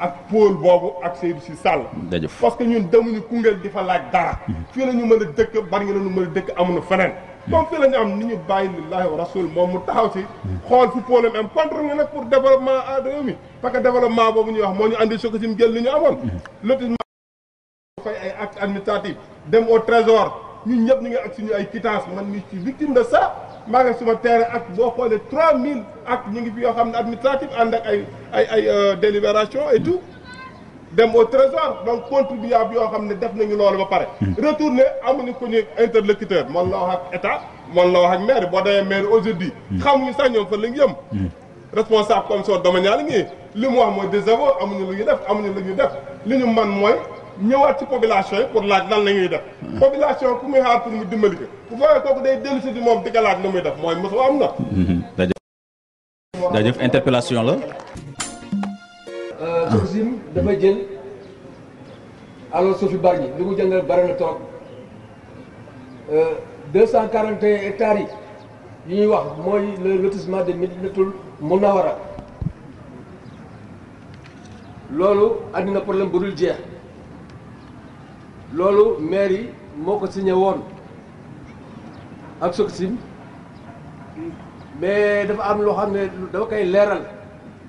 ak pôle boobu ak Seydou Sy Sall parce que ñun demuñu Koungheul di fa laaj dara mhm. fii la ñu mën a dëkk bari nga la ñu mën a dëkk amuñu feneen comme que la ñu am ni ñu bàyyi lillahi wa rasul moom mu taxaw si xool fu problème am contre pour développement à mi parce que développement boobu ñuy wax moo ñu andi soko sim jël li ñu amoon lotissement fay ay acte administratif dem au trésor ñun ñëpp ñu ngi ak suñu ay quittance man mi ci victime de ça maa ngi suma terrain ak boo xoolee trois mille ak ñu ngi fi yoo xam ne administratif ànd ak ay ay ay euh, délibération et dem au trésor donc contribuable yoo xam ne def nañu loolu ba pare. Hmm. retourné amuñu ku ñu interlocuteur man la wax ak état man la wax ak maire boo demee maire aujourd'hui hmm. xamuñu sax ñoom fa la ñu yëm. Hmm. responsable commission domaniale ñii li mu wax mooy amu amuñu lu ñu def amuñu li ñu def li ñu man mooy ñëwaat ci population yi pour laaj nan la ñuy def. population ku muy xaar pour mu dimbali ko bu fekkee kooku day dellu si di moom di ko laaj lu muy def mooy mosu am na.
jaajëf interpellation la.
suuf si hmm. dafa jël alors suuf yu bari ñi ko jëngal bari na trop euh, deux cent quarante et un hectares yi yi ñuy wax mooy le lotissement de Médinatoul Mounawara loolu andi na problème bu dul jeex loolu maire yi moo ko signé woon ak Sococim mais dafa am loo xam ne dafa koy leeral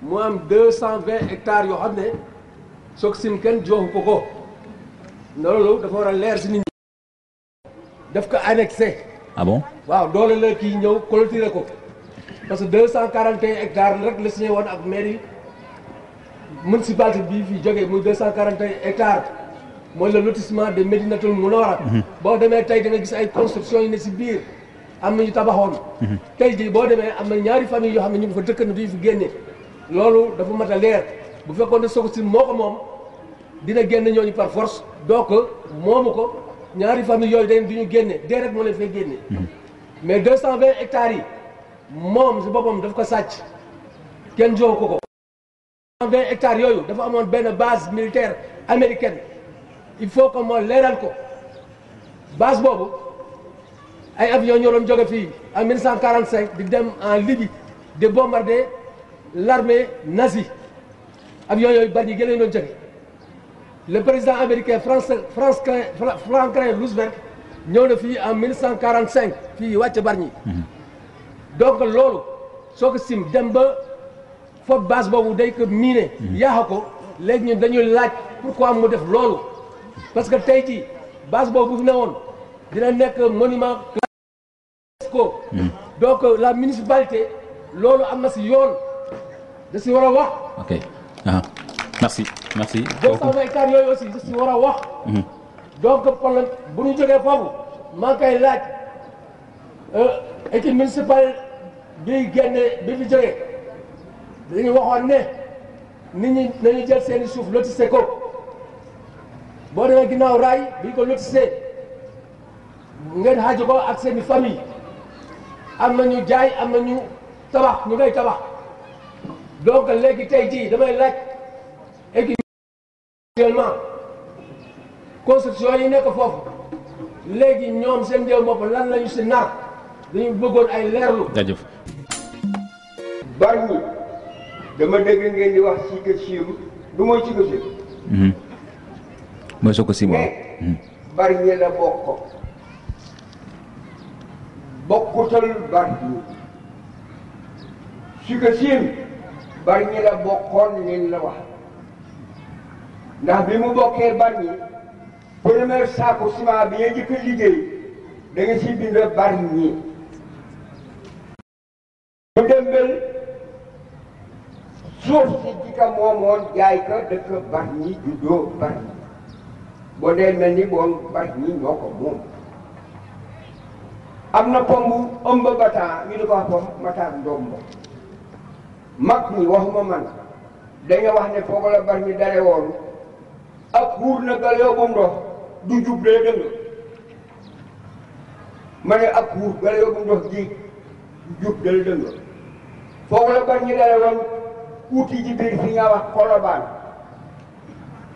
mu am deux cent vingt hectares yoo xam ne Sococim kenn joxu ko ko loolu dafa war a leer si nit ñi daf ko annexé. ah bon doole la kii ñëw clôturer ko parce que deux cent quarante et un hectares rek la signé woon ak mairie municipalité si fi jógee muy deux cent quarante et un hectares mooy le lotissement de Médinatoul Mounawara. Mhm. boo demee tey da nga gis ay construction yi ne si biir am na ñu tabaxoon. Mhm. tey jii boo demee am na ñaari famille yoo xam ne ñu ngi fa dëkk na duñu fi génne. loolu dafa mat a leer bu fekkoon ne Sococim moo ko moom dina génn ñooñu par force donc moomu ko ñaari famille yooyu dañ du ñu génne dee rek moo leen fay génne mais deux cent vingt hectares yi moom si boppam daf ko sàcc kenn jox ko ko deux hectares yooyu dafa amoon benn base militaire américaine il faut que moo leeral ko base boobu ay avions ñoo doon jóge fii en 1945 di dem en Libye di bombarder l'armée nazie avion yooyu bari yi gën a doon jóge le président américain français Franklin Roosevelt ñëw na fii en 1945 fii wàcc Bargny mhm. donc loolu soo ko sim dem ba foofu base boobu day ko miine mhm. yaaxa ko léegi ñun dañuy laaj am mu def loolu parce que tey jii base boobu bu ne woon dina nekk monument UNESCO mhm. donc la municipalité loolu am na si yoon da si war a wax.
ok ah merci. merci kooku
aussi da si war a wax. Mhm. donc problème bu ñu jógee foofu maa ngi koy laaj euh, équipe municipale biy génne bi fi jógee dañu waxoon ne nit ñi nañu jël seeni i suuf lotissé ko boo demee ginnaaw raay bi ko lotissé ngeen xaaju ko ak seen i am na ñu jaay am na ñu tabax ñu ngay tabax. donc léegi tey jii damay laaj équipe actuellement construction yi nekk foofu léegi ñoom seen jëw bopp lan lañu si nar dañu bëggoon ay leerlu jaajëf bariwul
dama dégg ngeen di wax si kër siiru du mooy si kër siiru
mhm. mooy soo ko si waaw
ñi la bokk bokkutal bari si kër siiru bari ñi la bokkoon leen la wax ndax bi mu bokkee bari ñi première saaku ciment bi nga njëkk liggéey da ci si bind bari ñi mu dee mel ni boom bari ñi ñoo ko moom am na pomb ëmb bataan ñu di ko wax pomb mataan ndombo mag ñi waxuma man dañu wax ne foofu la bari dare woon ak na gal yóbbu ndox du jub dee dëng ma ne ak xuur gal yóbbu ndox ji jub dee dëng foofu wax kolobaan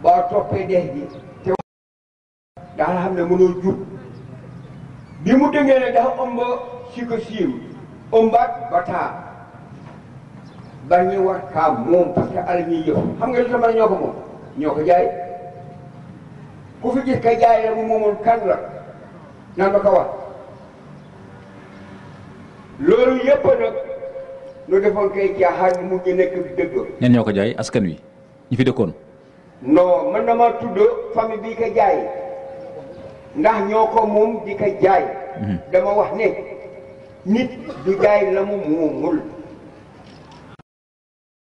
boo toppee dex ji te daal xam ne mënoo jub bi mu dëngee ne dafa ëmb si ko ba ñu war kaa moom parce que alal ñuy yëf nga li tax ma ñoo ko moom ñoo ko jaay ku fi gis ka jaay la mu moomul kan la nan ma ko wax loolu yëpp nag nu defoon kay jaaxaan mu ngi nekk bi
ñan ñoo ko jaay askan wi ñi fi dëkkoon
non mën na maa tudd famille bii ko jaay ndax ñoo ko moom di ko jaay mhm. dama wax ne nit du jaay la mu moomul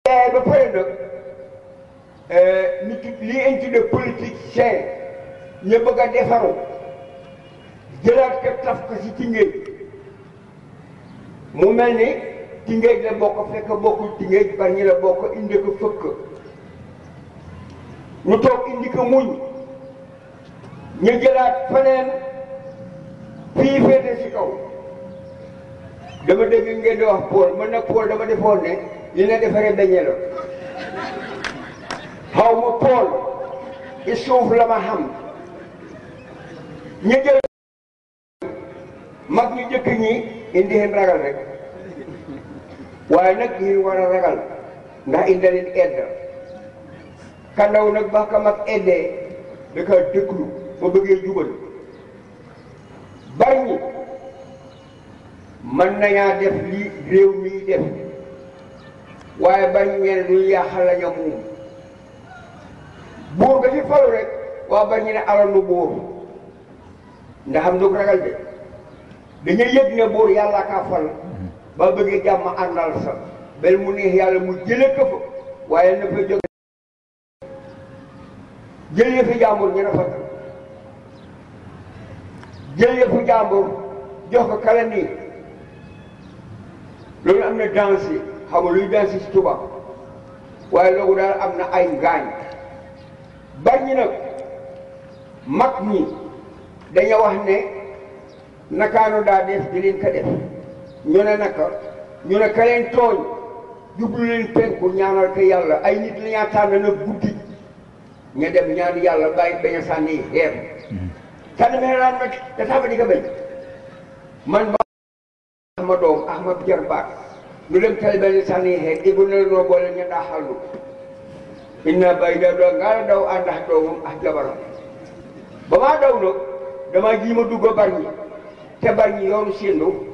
te ba pare nag euh, nit li ñu tuddee politicien ñu bëgg a defaru jëlaat ko taf ko ci Tëngéej mu mel ni Tëngéej la bokk fekk bokkul Tëngéej Bargny la bokk indi ko fëkk ñu toog indi ko muñ ñu jëlaat feneen fii féete ci kaw dama dégg ngeen di wax Paul man nag Paul dama defoon ne li nga defaree beñe la xaw ma pool i suuf la ma xam ñu jël mag ñu ñi indi ragal rek waaye nag ñuy war a ragal ndax indi edda kandaw nag ba mag eddee da ka dëkklu bëggee jubal bari ñi mën nañaa def li réew mi def waaye bañ ñee ne duñu yàqal la ñoom moom buur ba fi falu rek waa bañ ñu ne alal lu buur ndax am nu ragal de dañuy yëg ne buur yàlla ka fal ba bëggee jàmm àndal sa bel mu neex yàlla mu jëlee ko waaye na fa jóg jël jàmbur ñu rafetal jël yëfu jàmbur jox ko loolu am na danse xamul luy dal si tubaab waaye loolu daal am na ay ngaañ bari ñi nag mag ñi dañu wax ne nakaanu daa def di leen def ñu ne naka ñu ne leen tooñ jublu leen penku ñaanal yàlla ay nit la ñaa tànn na guddi ña dem ñaan yàlla bàyyi bañ a sànni xeer tànn mee raan nag ba di ko bañ man ba mbirum talibé li sax nii xeet eh, ibu na noo boole ñu daxalu inna bay da doo ngaara daw àndax doomam ak jabaram ba maa daw nag dama ñi te bar ñi yoonu sindu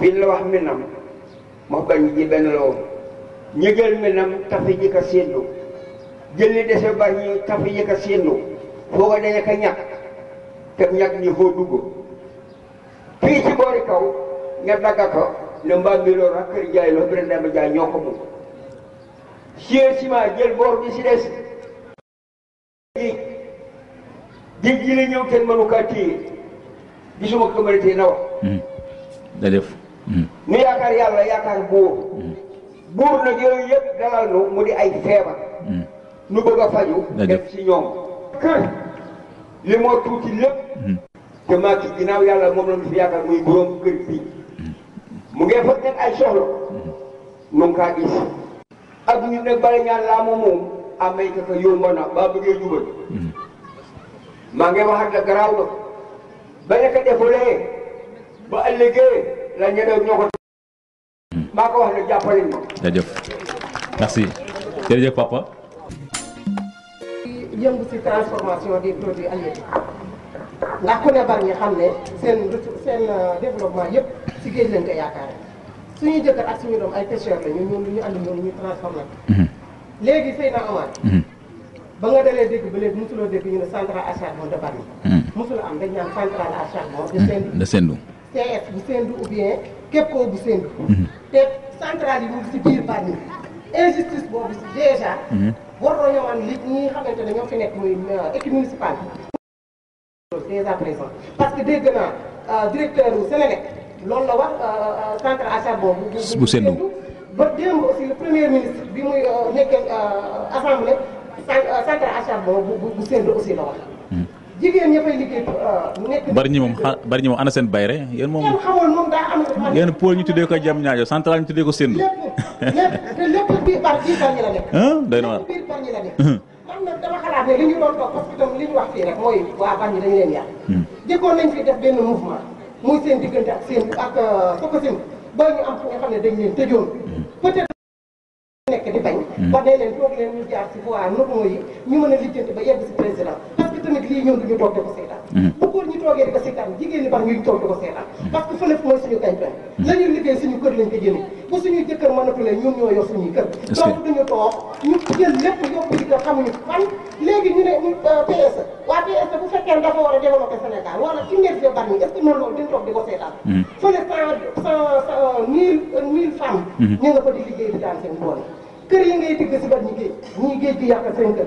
fi la wax minam moo bar ji benn la woon tafi ji ka sindu dese bar ñi tafi ji ka sindu foo ko dañe te ñàkk ñi foo dugg fii ci boori kaw nga dagga le Mbambilor ak Kër Ndiaye la Birame Demba Ndiaye ñoo ko moom. Chier ciment jël boor bi si des. géej gi ñëw kenn mënu kaa téye gisuma ko mën a téye na wax. da def. nu yaakaar yàlla yaakaar buur. Hmm. buur nag yooyu yëpp dalal nu mu di ay feebar. Hmm. nu bëgg a faju. da def ci ñoom. kër li moo tuuti lépp. Hmm. te maa ngi ginnaaw yàlla moom la ñu fi yaakaar muy borom kër bi. mu ngi fa teg ay soxla mm-hmm. nu ngi kaa gis ak ñu ne bari ñaan laamu moom amee ka yomb na ba bëggee jubal mm-hmm. maa ngi wax ak la garaaw la ba nekk defulee ba ëllëgee la ñeneen ñoo ko mm-hmm. maa ko wax ne jàppale ma
jërëjëf merci jërëjëf papa
yëngu si transformation des produits halieutiques ndax ku ne bari ñi xam ne seen seen euh, développement yëpp ci géej lañ ko yaakaare suñuy jëkkër ak suñu doom ay pêcheurs la ñun ñun lu ñu andi moom ñu transformé mhm. léegi Seydina Omar mhm. ba nga dalee dégg ba léegi mosuloo dégg ñu ne centrale à charbon de Bargny mosul mhm. am dañ naan centrale à charbon de Sendou de Sendou TF bu Sendou ou bien képp koo bu Sendou te centrale yi mu ngi si biir boobu si déjà waroo ñooman li ñi xamante ne ñoo fi nekk muy euh, équipe municipale dès à présent parce que dégg naa euh, directeur u Sénélec loolu la wax euh, euh, centre à charbon bu bu ba démb aussi le premier ministre bi muy euh, nekkee assemblée centre à charbon bu bu aussi la wax. Hmm. jigéen ña fay liggéey nekk. bari
ñi moom ana seen bay yéen moom kenn
xamoon moom daa am. yéen
pôle ñu tuddee ko jam ñaajo central ñu tuddee ko Sendou. lépp
ah, na waar hmm. xalaat ne li ñu doon toog parce li ñu wax fii rek mooy waa Bargny dañu leen yàq. Hmm. jëkkoon nañ fi def benn mouvement. muy seen diggante ak seen ak Sococim euh, ba ñu am fu nga xam ne dañ leen tëjoon mm. peut-être nekk di bañ. wax mm. ne leen toog leen ñu jaar ci voie normaux yi ñu mën a lijjanti ba yegg ci président. tamit lii ñun duñu toog di ko seetaan mhm. bu góor ñi toogee di ko seetaan jigéen ñi bax ñuy toog di ko seetaan mhm. parce que fële mooy suñu gañ-gañ la mhm. ñuy liggéey suñu kër lañ ko jëlee bu suñuy jëkkër mënatule ñun ñoo yor suñuy ñu jël lépp yokku di ko dafa war a développé Sénégal wala université bari est ce que noonu loolu duñu toog di ko seetaan fële cent cent mille mille femmes ñu nga ko liggéey di daan seen boole kër yi ngay digg si bat ñi géej ñii géej gi yàq seen kër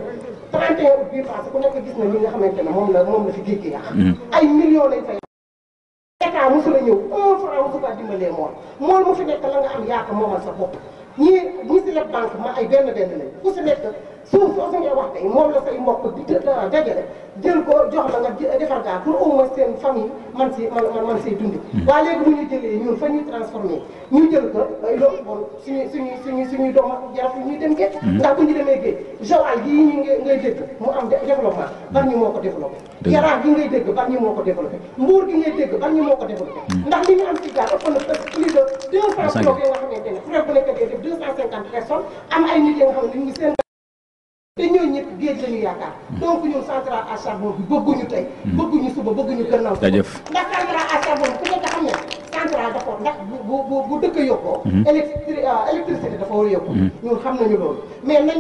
31 août bii passé ku nekk gis na li nga xamante ne moom la moom la fi géej gi yàq hmm. ay millions lañ fay état mosu la ñëw un franc mosu ko dimbalee mool mool mu fi nekk la nga am yaaka moomal sa bopp ñii ñi si leb banque ma ay benn benn lañ ku si nekk suuf soosu ngay wax tey moom la say mbokk di dajale jël ko jox la nga defar gaa pour au moins seen famille man si man man man say hmm. waaye léegi bu ñu jëlee ñun fa ñuy transformé ñu jël ko su bon suñu suñu suñu dem géej. Hmm. ndax bu ñu demee géej Joal gii ñu ngay dégg mu am développement hmm. ko développé. Yaraax dégg ko développé Mbuur gi ngay dégg ban ñu moo ko développé. ndax li ñu am ci gaal ëpp na nekk bu def deux cent cinquante personnes am ay nit yi nga xam ne ñu ngi seen te ñooñu ñëpp géej lañu yaakaar. Hmm. donc ñun centrale à charbon bi bëgguñu tey. Hmm. bëgguñu suba bëgguñu gannaaw. jaajëf ndax centrale a charbon bi ku bu hmm. euh, a yokku. ñun xam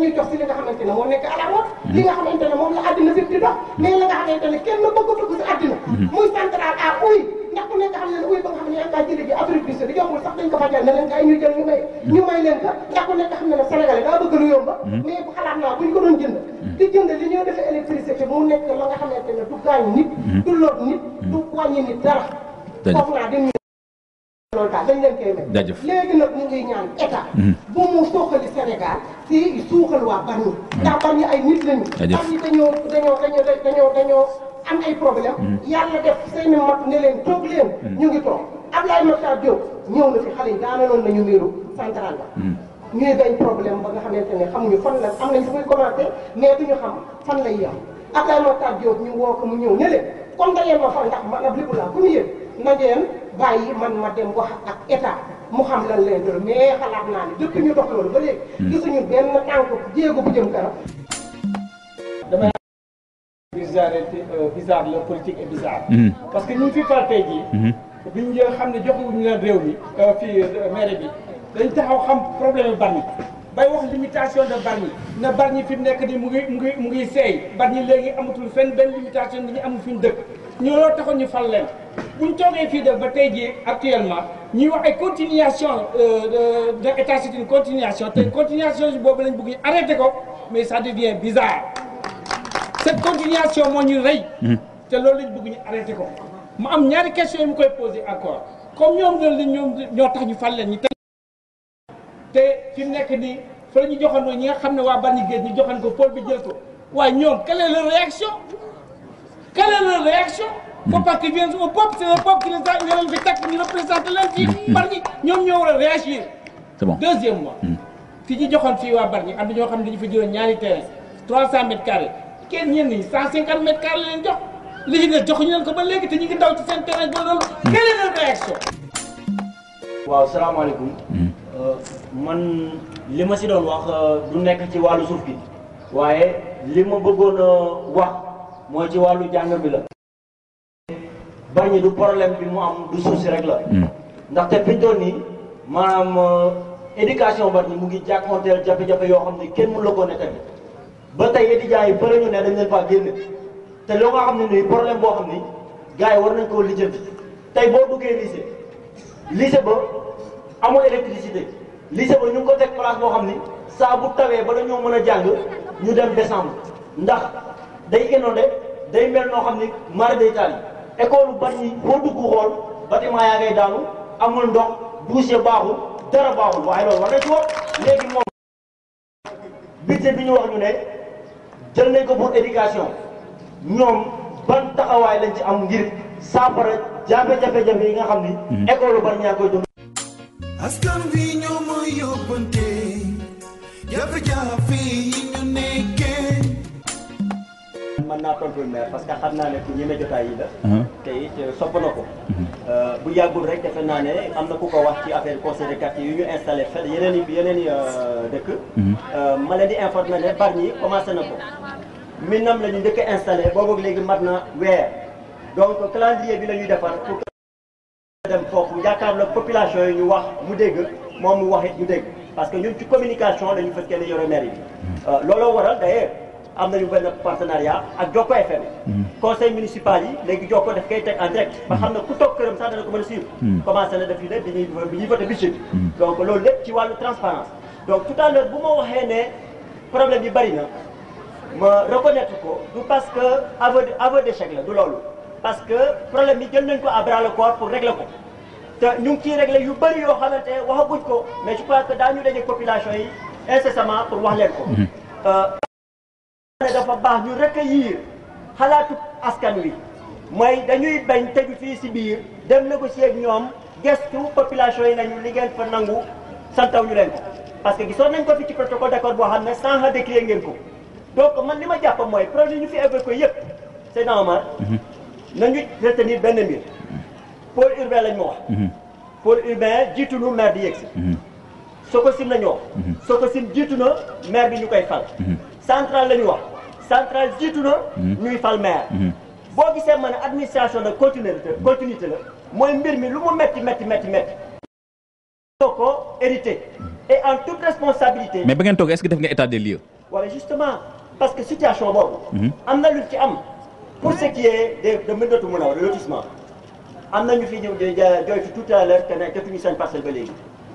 ñu jox si ne moo nekk à la li nga xamante ne moom la àddina fi di dox. mais la nga xamante ne kenn bëgg-bëgg si àddina. muy centrale à huile. ndax ku nekk xam ne lu muy ba nga xam ne yaa ngi jëlee ji abribus lu yombul sax dañ ko fa jaay ne leen kay ñu jël ñu may ñu may leen ka ndax nekk xam ne ne daa bëgg lu yomb hmm. mais bu xalaat naa bu ñu ko doon jënd hmm. di jënd li ñoo defee électricité mu nekk la nga xamante ne du gaañ nit hmm. du lor nit du wàññi nit dara foog naa nag ñu ngi ñaan état bu mu suuxali Sénégal si suuxal waa Bargny ndax Bargny ay nit lañu Bargny dañoo dañoo dañoo dañoo dañoo am ay problème mm-hmm. yàlla def seeni mag ne leen toog leen mm-hmm. ñu ngi toog Ablaye Makhtar Diop ñëw na fi xale yi daananoon nañu miiru central ba mm-hmm. ñuy gañ problème ba nga xamante ne xamuñu fan la am nañ fu muy commencé mais ñu xam fan lay yem Ablaye Makhtar Diop ñu woo ko mu ñëw ne leen comme da ngeen ma fal ndax man ab lépp ku ñu yéen na ngeen bàyyi man ma dem wax ak état mu xam la leen doon mais xalaat naa ne depuis ñu dox loolu ba léegi gisuñu benn tànk jéego bu jëm kanam
bizarreté euh, bizarre la politique est bizarre. Mhm. parce que ñu fi fal tey jii. Mhm. biñ jël xam ne joxuñu leen réew mi euh, fii euh, maire bi dañ taxaw xam problème Bargny bay wax limitation de Bargny na Bargny fi mu nekk nii mu ngi mu ngi mu ngi seey Bargny léegi amatul fenn benn limitation bi ñu amul fi ñu dëkk ñu loolu ñu fal leen ñu toogee fii def ba tey jii actuellement ñuy wax ay continuation de état c'est une continuation te continuation boobu lañ bëgg ñu arrêté ko mais ça devient bizarre. cette continuation moo ñu rey. Hmm. te loolu lañ bëgg ñu arrêté ko. mu am ñaari question yi mu koy posé encore comme ñoom loolu ñoom ñoo tax ñu fal leen ñu. te fi mu nekk nii fa la ñu joxoon ñi nga xam ne waa Bargny Géej ñu joxoon ko pôle bi jël ko waaye ñoom quelle est leur réaction quelle est leur réaction. Hmm. faut pas qu'ils viennent le peuple qui les a ñu leen fi teg ñu représenté leen ci Bargny ñoom ñoo war a réagir. c'est bon deuxièmement. Hmm. fi ñu joxoon fii waa Bargny am na ñoo xam ne dañu fa jëloon ñaari terrain 300 mètres carrés. kenn ñenn ñi 150 mètres carrés la leen jox li ci des joxuñu leen ko ba léegi te ñu ngi daw ci seen terrain ba loolu. Hmm. quelle est notre réaction.
waaw salaamaaleykum. Hmm. Euh, man li ma
si doon wax euh, du nekk ci wàllu suuf gi waaye li ma bëggoon euh, wax mooy ci wàllu jàng bi la. Bargny du problème bi mu am du suuf si rek la. Hmm. ndaxte fi ñu toll nii maanaam éducation Bargny mu ngi jàkkoonteel jafe-jafe yoo xam ne kenn mënu la ko nettali. ba tey étudiants yi bëri ñu ne dañ leen faa génne te loo nga xam ne nii problème boo xam ni gars yi war nañ koo lijjanti tey boo duggee lycée lycée ba amul électricité lycée ba ñu ko teg place boo xam ni saa bu tawee ba dañoo mën a jàng ñu dem décembre ndax day inondé day mel noo xam ni mara day taal yi école bari ñi foo xool bâtiment
yaa ngay daanu amul ndox douche baaxul dara baaxul waaye loolu war nañ ci wax léegi moom
budget bi ñu wax ñu ne jël nañ ko pour éducation ñoom ban taxawaay lañ ci am ngir saafara jafe-jafe-jafe yi nga xam
ni mhm. école lu bari ñaa koy dund askan wi ñoo ma yóbbante
jafe yi ñu nekkee mën naa tontu maire parce que xam naa ne ku ñeme jotaay yi la mhm. tey it euh, sopp na ko mhm. euh, bu yàggul rek defe naa ne am na ku ko wax ci affaire conseil de quartier yu ñu installé fenn yeneen i yeneen i euh, dëkk ma leen di informé ne bar ñi commencé na ko Minam la ñu njëkk a installé boobu léegi mat na weer donc calendrier bi la ñuy defar pour dem foofu jàkkaarloog population yi ñu wax mu dégg moom mu wax it ñu dégg parce que ñun ci communication la ñu fas kenn yore maire yi euh, looloo waral d'ailleurs am nañu benn partenariat ak Jokko FM. Mm-hmm. conseil municipal yi léegi Jokko daf koy teg en direct. ba xam ne ku top këram sax dana ko mën a suivre. Mm-hmm. commencé na def yu ne dañuy dañuy voté budget mm-hmm. donc loolu lépp ci wàllu transparence donc tout à l'heure bu ma waxee ne problème na. ma reconnaître ko du parce que aveu aveu d'échec la du loolu parce que problème bi jël nañ ko à bras le pour régler ko te ñu ngi ciy régler yu bëri yoo xamante waxaguñ ko mais je crois que daañu daje population yi incessamment pour wax leen ko mhm. euh, ne dafa baax ñu recueillir xalaatu askan wi mooy dañuy bañ tegu fii si biir dem négocier ak ñoom gestu population yi nañu li ngeen fa nangu santaw ñu leen ko parce que gisoon nañ ko fi ci protocole d'accord boo xam donc man li ma jàpp mooy projet ñu fi évoqué yëpp Seydina Omar mhm. nañu retenir benn mbir pôle urbain lañ ma wax mhm. pôle urbain jiitu nu maire di yegsi mhm. Sococim lañu wax Sococim jiitu na maire bi ñu koy fal centrale la ñu wax centrale jiitu na ñuy fal maire boo gisee man ne administration de continuité la mooy mbir mi lu mu metti metti metti metti soo ko hérité et en toute responsabilité mais ba
ngeen toog est que def nga état des lieux
wala justement parce que situation boobu. Mhm. am na lu ci am. pour ce qui est de de mënatu mun a lotissement am na ñu fi ñëw di joytu tout à l'heure que ne ba léegi.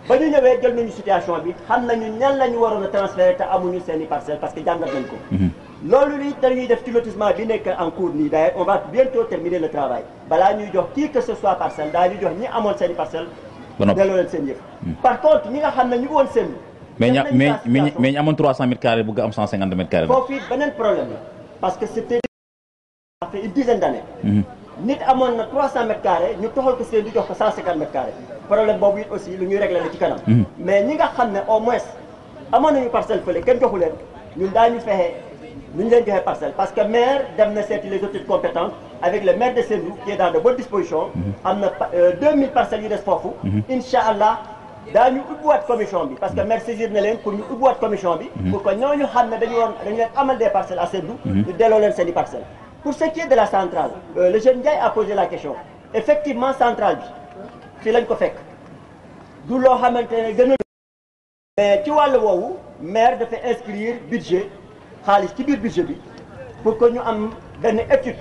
ba ñu ñëwee jël nañu situation bi xam nañu ñan la ñu waroon a transférer te amuñu seen i parcelle parce que jàngat nañ ko. Mhm. loolu li dañuy def ci lotissement bi nekk en cours nii d'ailleurs on va bientôt terminer le travail balaa ñuy jox qui que ce soit parcelle daa ñu jox ñi amoon seen i mhm. par contre ñi nga xam ne ñu woon seen.
mais ña mais mais ñu amoon 300 mètres carrés bëgg am 150 mètres carrés. foofu
it beneen problème la parce que c'était ça fait une dizaine d'années. Mhm. nit amoon na 300 mètres carrés ñu toxal ko seen di jox ko 150 mètres carrés problème boobu it aussi lu ñuy régler la ci kanam. Mhm. mais ñi nga xam ne au moins amoon nañu parcelle fële kenn joxu leen ñun daañu fexe nu ñu leen joxee parcelle parce que maire dem na seeti les autorités compétentes avec le maire de Sendou qui de bonnes dispositions. Mhm. am daal ñu ubbiwaat commission bi parce que maire saisir na leen pour ñu ubbiwaat commission bi mhm. pour que ñooñu xam ne dañu woon dañu leen amal des parcelles à Sédhiou mhm. ñu delloo leen seeni i parcelles pour ce qui de la centrale euh, le jeune Ndiaye a posé la question effectivement centrale bi fii lañ ko fekk du loo xamante ne gën mais ci wàll woowu maire dafa inscrire budget xaalis ci biir budget bi pour ko ñu am benn étude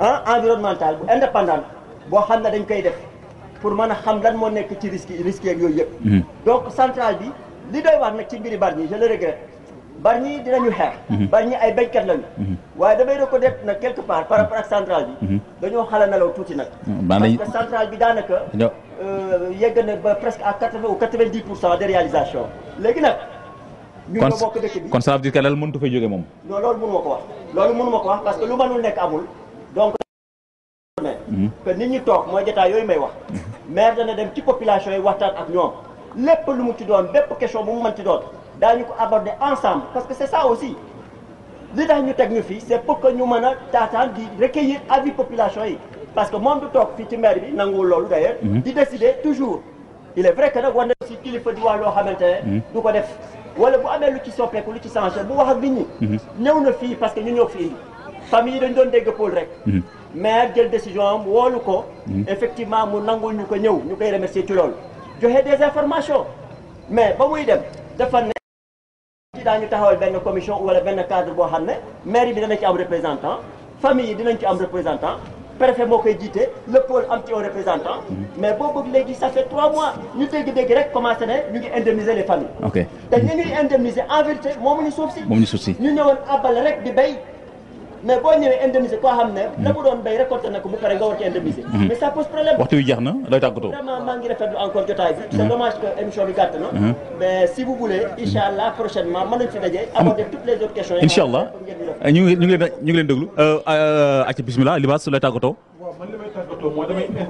ah environnementale bu indépendante boo xam ne dañu koy def pour man a xam lan moo nekk ci risque risque yeeg yooyu yëpp. Mhm. donc centrale bi li doy wax nag ci mbiri Bargny je le regrette Bargny dinañu xeex. Mhm. Bargny ay béykat lañu. Mhm. waaye damay def nag quelque part par rapport ak centrale bi. dañoo xala nelaw tuuti nag. parce que centrale bi daanaka. Euh, yegg na ba presque à quatre vingt ou quatre vingt dix pour cent de réalisation léegi nag. ñun ñoo bokk dëkk bi kon
ça veut dire que lan mënut jóge moom.
non loolu mënu ma ko wax. loolu mënu ko wax parce que lu mënul nekk amul donc. Hmm. que nit ñi toog mooy jotaay yooyu may wax hmm. maire dana dem ci population yi waxtaan ak ñoom lépp lu mu ci doon bépp question bu mu mën ci doon ñu ko aborder ensemble parce que c'est ça aussi li tax ñu teg ñu fii c'est pour que ñu mën a taataan di recueillir avis population yi parce que moom du toog fii ci maire bi nanguwul loolu d'ailleurs hmm. di décider toujours il est vrai que nag war na si kilifa di wax loo xamante ne du ko def wala bu amee lu ci soppeeku lu ci changé bu wax ak nit ñi na fii parce que ñu ñëw fi indi yi dañ doon dégg Paul rek maire jël décision am woolu ko. Mm-hmm. effectivement mu nangul ñu ko ñëw ñu koy remercier ci loolu. joxe des informations mais ba muy dem dafa ne. ci daañu taxawal benn commission wala benn cadre boo xam ne maire bi dana ci am représentant famille yi dinañ ci am représentant. préfet moo koy jiite le pôle am ci un représentant. Mm-hmm. mais boo bëgg léegi ça fait trois mois ñu dégg-dégg rek commencé ne ñu ngi indemniser les familles. ok te ñu ñuy indemniser en moom moomuñu suuf si. moomuñu suuf rek di béy. mais boo ñëwee indemniser koo xam ne. la doon béy récolté na ko mu pare nga war ci indemniser. Mhm. mais ça pose problème. waxtu wi
jeex na lay tàggatoo.
vraiment maa ngi rafetlu encore jotaay bi. c'est dommage que émission bi gàtt na. Mhm. mais si vous voulez. incha prochainement mën nañu fi daje. toutes les autres questions. incha allah
ñu ngi ñu ngi leen ñu ngi déglu. Euh, euh, ak bismillah Libaas lay tàggatoo. waaw
man li may tàggatoo mooy damay état bi.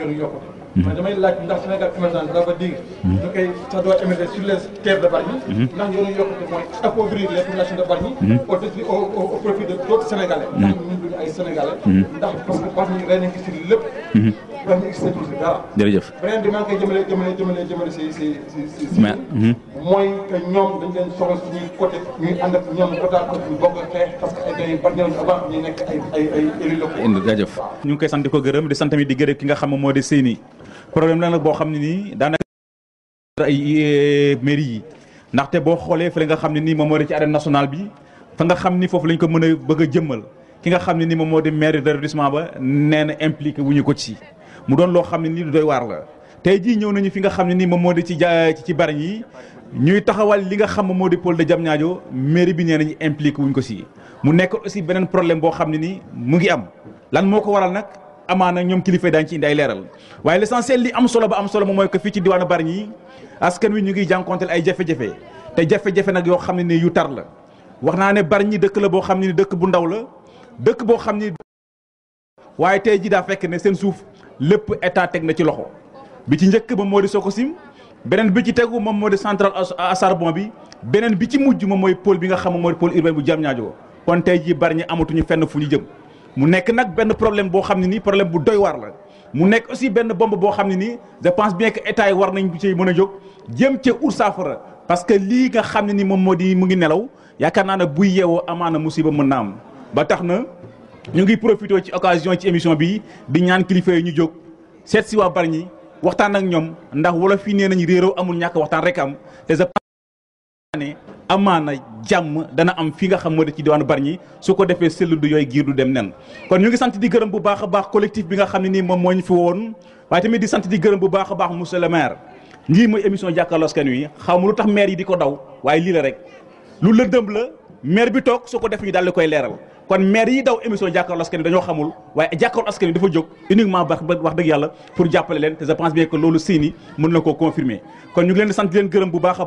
Mhm. nga mais damay laaj ndax Sénégal émergent bi dafa diir. ñu hmm. koy ça doit émerger sur les terres de Bargny. Hmm. ndax yoonu hmm. ndax ñun duñu ay Sénégalais. ndax parce que Bargny ren nañu si lépp. Bargny existé toujours dara. jërëjëf beneen bi maa ngi koy jëmale jëmale jëmale jëmale si si si si. mais. mooy que ñoom dañ leen soxla suñuy côté ñuy ànd ak ñoom côté ñu bokk xeex que ay bari nañu ñu nekk ay ay ay élus locaux.
ñu ngi koy sant ko gërëm di sant mi di gërëm ki nga xam moo di Seyni problème la boo xam ne nii daanaka ay eh, mairie yi ndaxte boo xoolee fële nga xam ne nii moom moo di ci arène nationale bi fa nga xam ni foofu lañ ko mën a bëgg a jëmmal ki nga xam ne nii moom moo di maire d' arrondissement ba nee na impliqué wu ñu ko ci mu doon loo xam ne nii du doy waar la tey jii ñëw nañu fi nga xam ne nii moom moo di ci ja ci bariñ yi ñuy taxawal li nga xam moo di pôle de Diamniadio mairie bi nee nañu impliqué wuñ ko si mu nekk aussi beneen problème boo xam ne nii mu ngi am lan moo ko waral nag amaana ñoom kilifa daañu ci indi ay leeral waaye l'essentiel li am solo ba am solo moom mooy que fii ci diwaanu Bargny askan wi ñu ngi jànkonteel ay jafe-jafe te jafe-jafe nag yoo xam ne ni yu tar la wax naa ne bari ñi dëkk la boo xam ne ni dëkk bu ndaw la dëkk boo xam ni waaye tey jii daa fekk ne seen suuf lépp état teg na ci loxo bi ci njëkk moom moo di Sococim beneen bi ci tegu moom moo di centrale à charbon bi beneen bi ci mujj moom mooy pôle bi nga xam moom moo di pôle bu Diamniadio kon tey jii Bargny amatuñu fenn fu ñu jëm mu nekk nag benn problème boo xam ne nii problème bu doy waar la mu nekk aussi benn bomb boo xam ne nii je pense bien que état yi war nañ ci mën a jóg jëm ca ur saafara parce que lii nga xam ne nii moom moo di mu ngi nelaw yaakaar naa ne buy yeewoo amaana musiba mën na am ba tax na ñu ngi profité ci occasion ci émission bi di ñaan kilifa yi ñu jóg seet si waa bari ñi waxtaan ak ñoom ndax wolof yi nee nañu réeroo amul ñàkk waxtaan rek am te je amaana jàmm dana am fi nga xam moo de ci diwaanu Bargny su ko defee sellu du yooyu giir du dem nen kon ñu ngi sant di gërëm bu baax a collectif bi nga xam ne nii moom moo fi woon waaye tamit di sant di gërëm bu baax a ma lu tax maire yi la rek lu lëndëm la maire bi toog su ko def ñu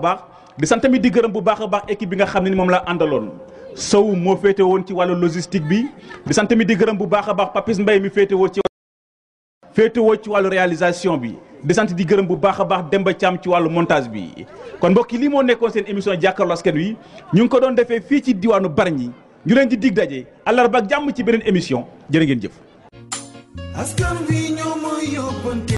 ba di sant tamit di gërëm bu baax a baax équipe bi nga xam ne ni moom la àndaloon Sow moo féete woon ci wàllu logistique bi di sant di gërëm bu baax a baax Papis Mbaye mi féete ci wàllu réalisation bi di di gërëm bu baax Demba Thiam ci wàllu montage bi kon mbokk yi lii moo nekkoon seen émission jàkkaarloo askan wi ñu ngi ko doon defee fii ci diwaanu Bargny ñu leen di dig daje àllarba ak jàmm ci beneen émission jërë ngeen
jëf.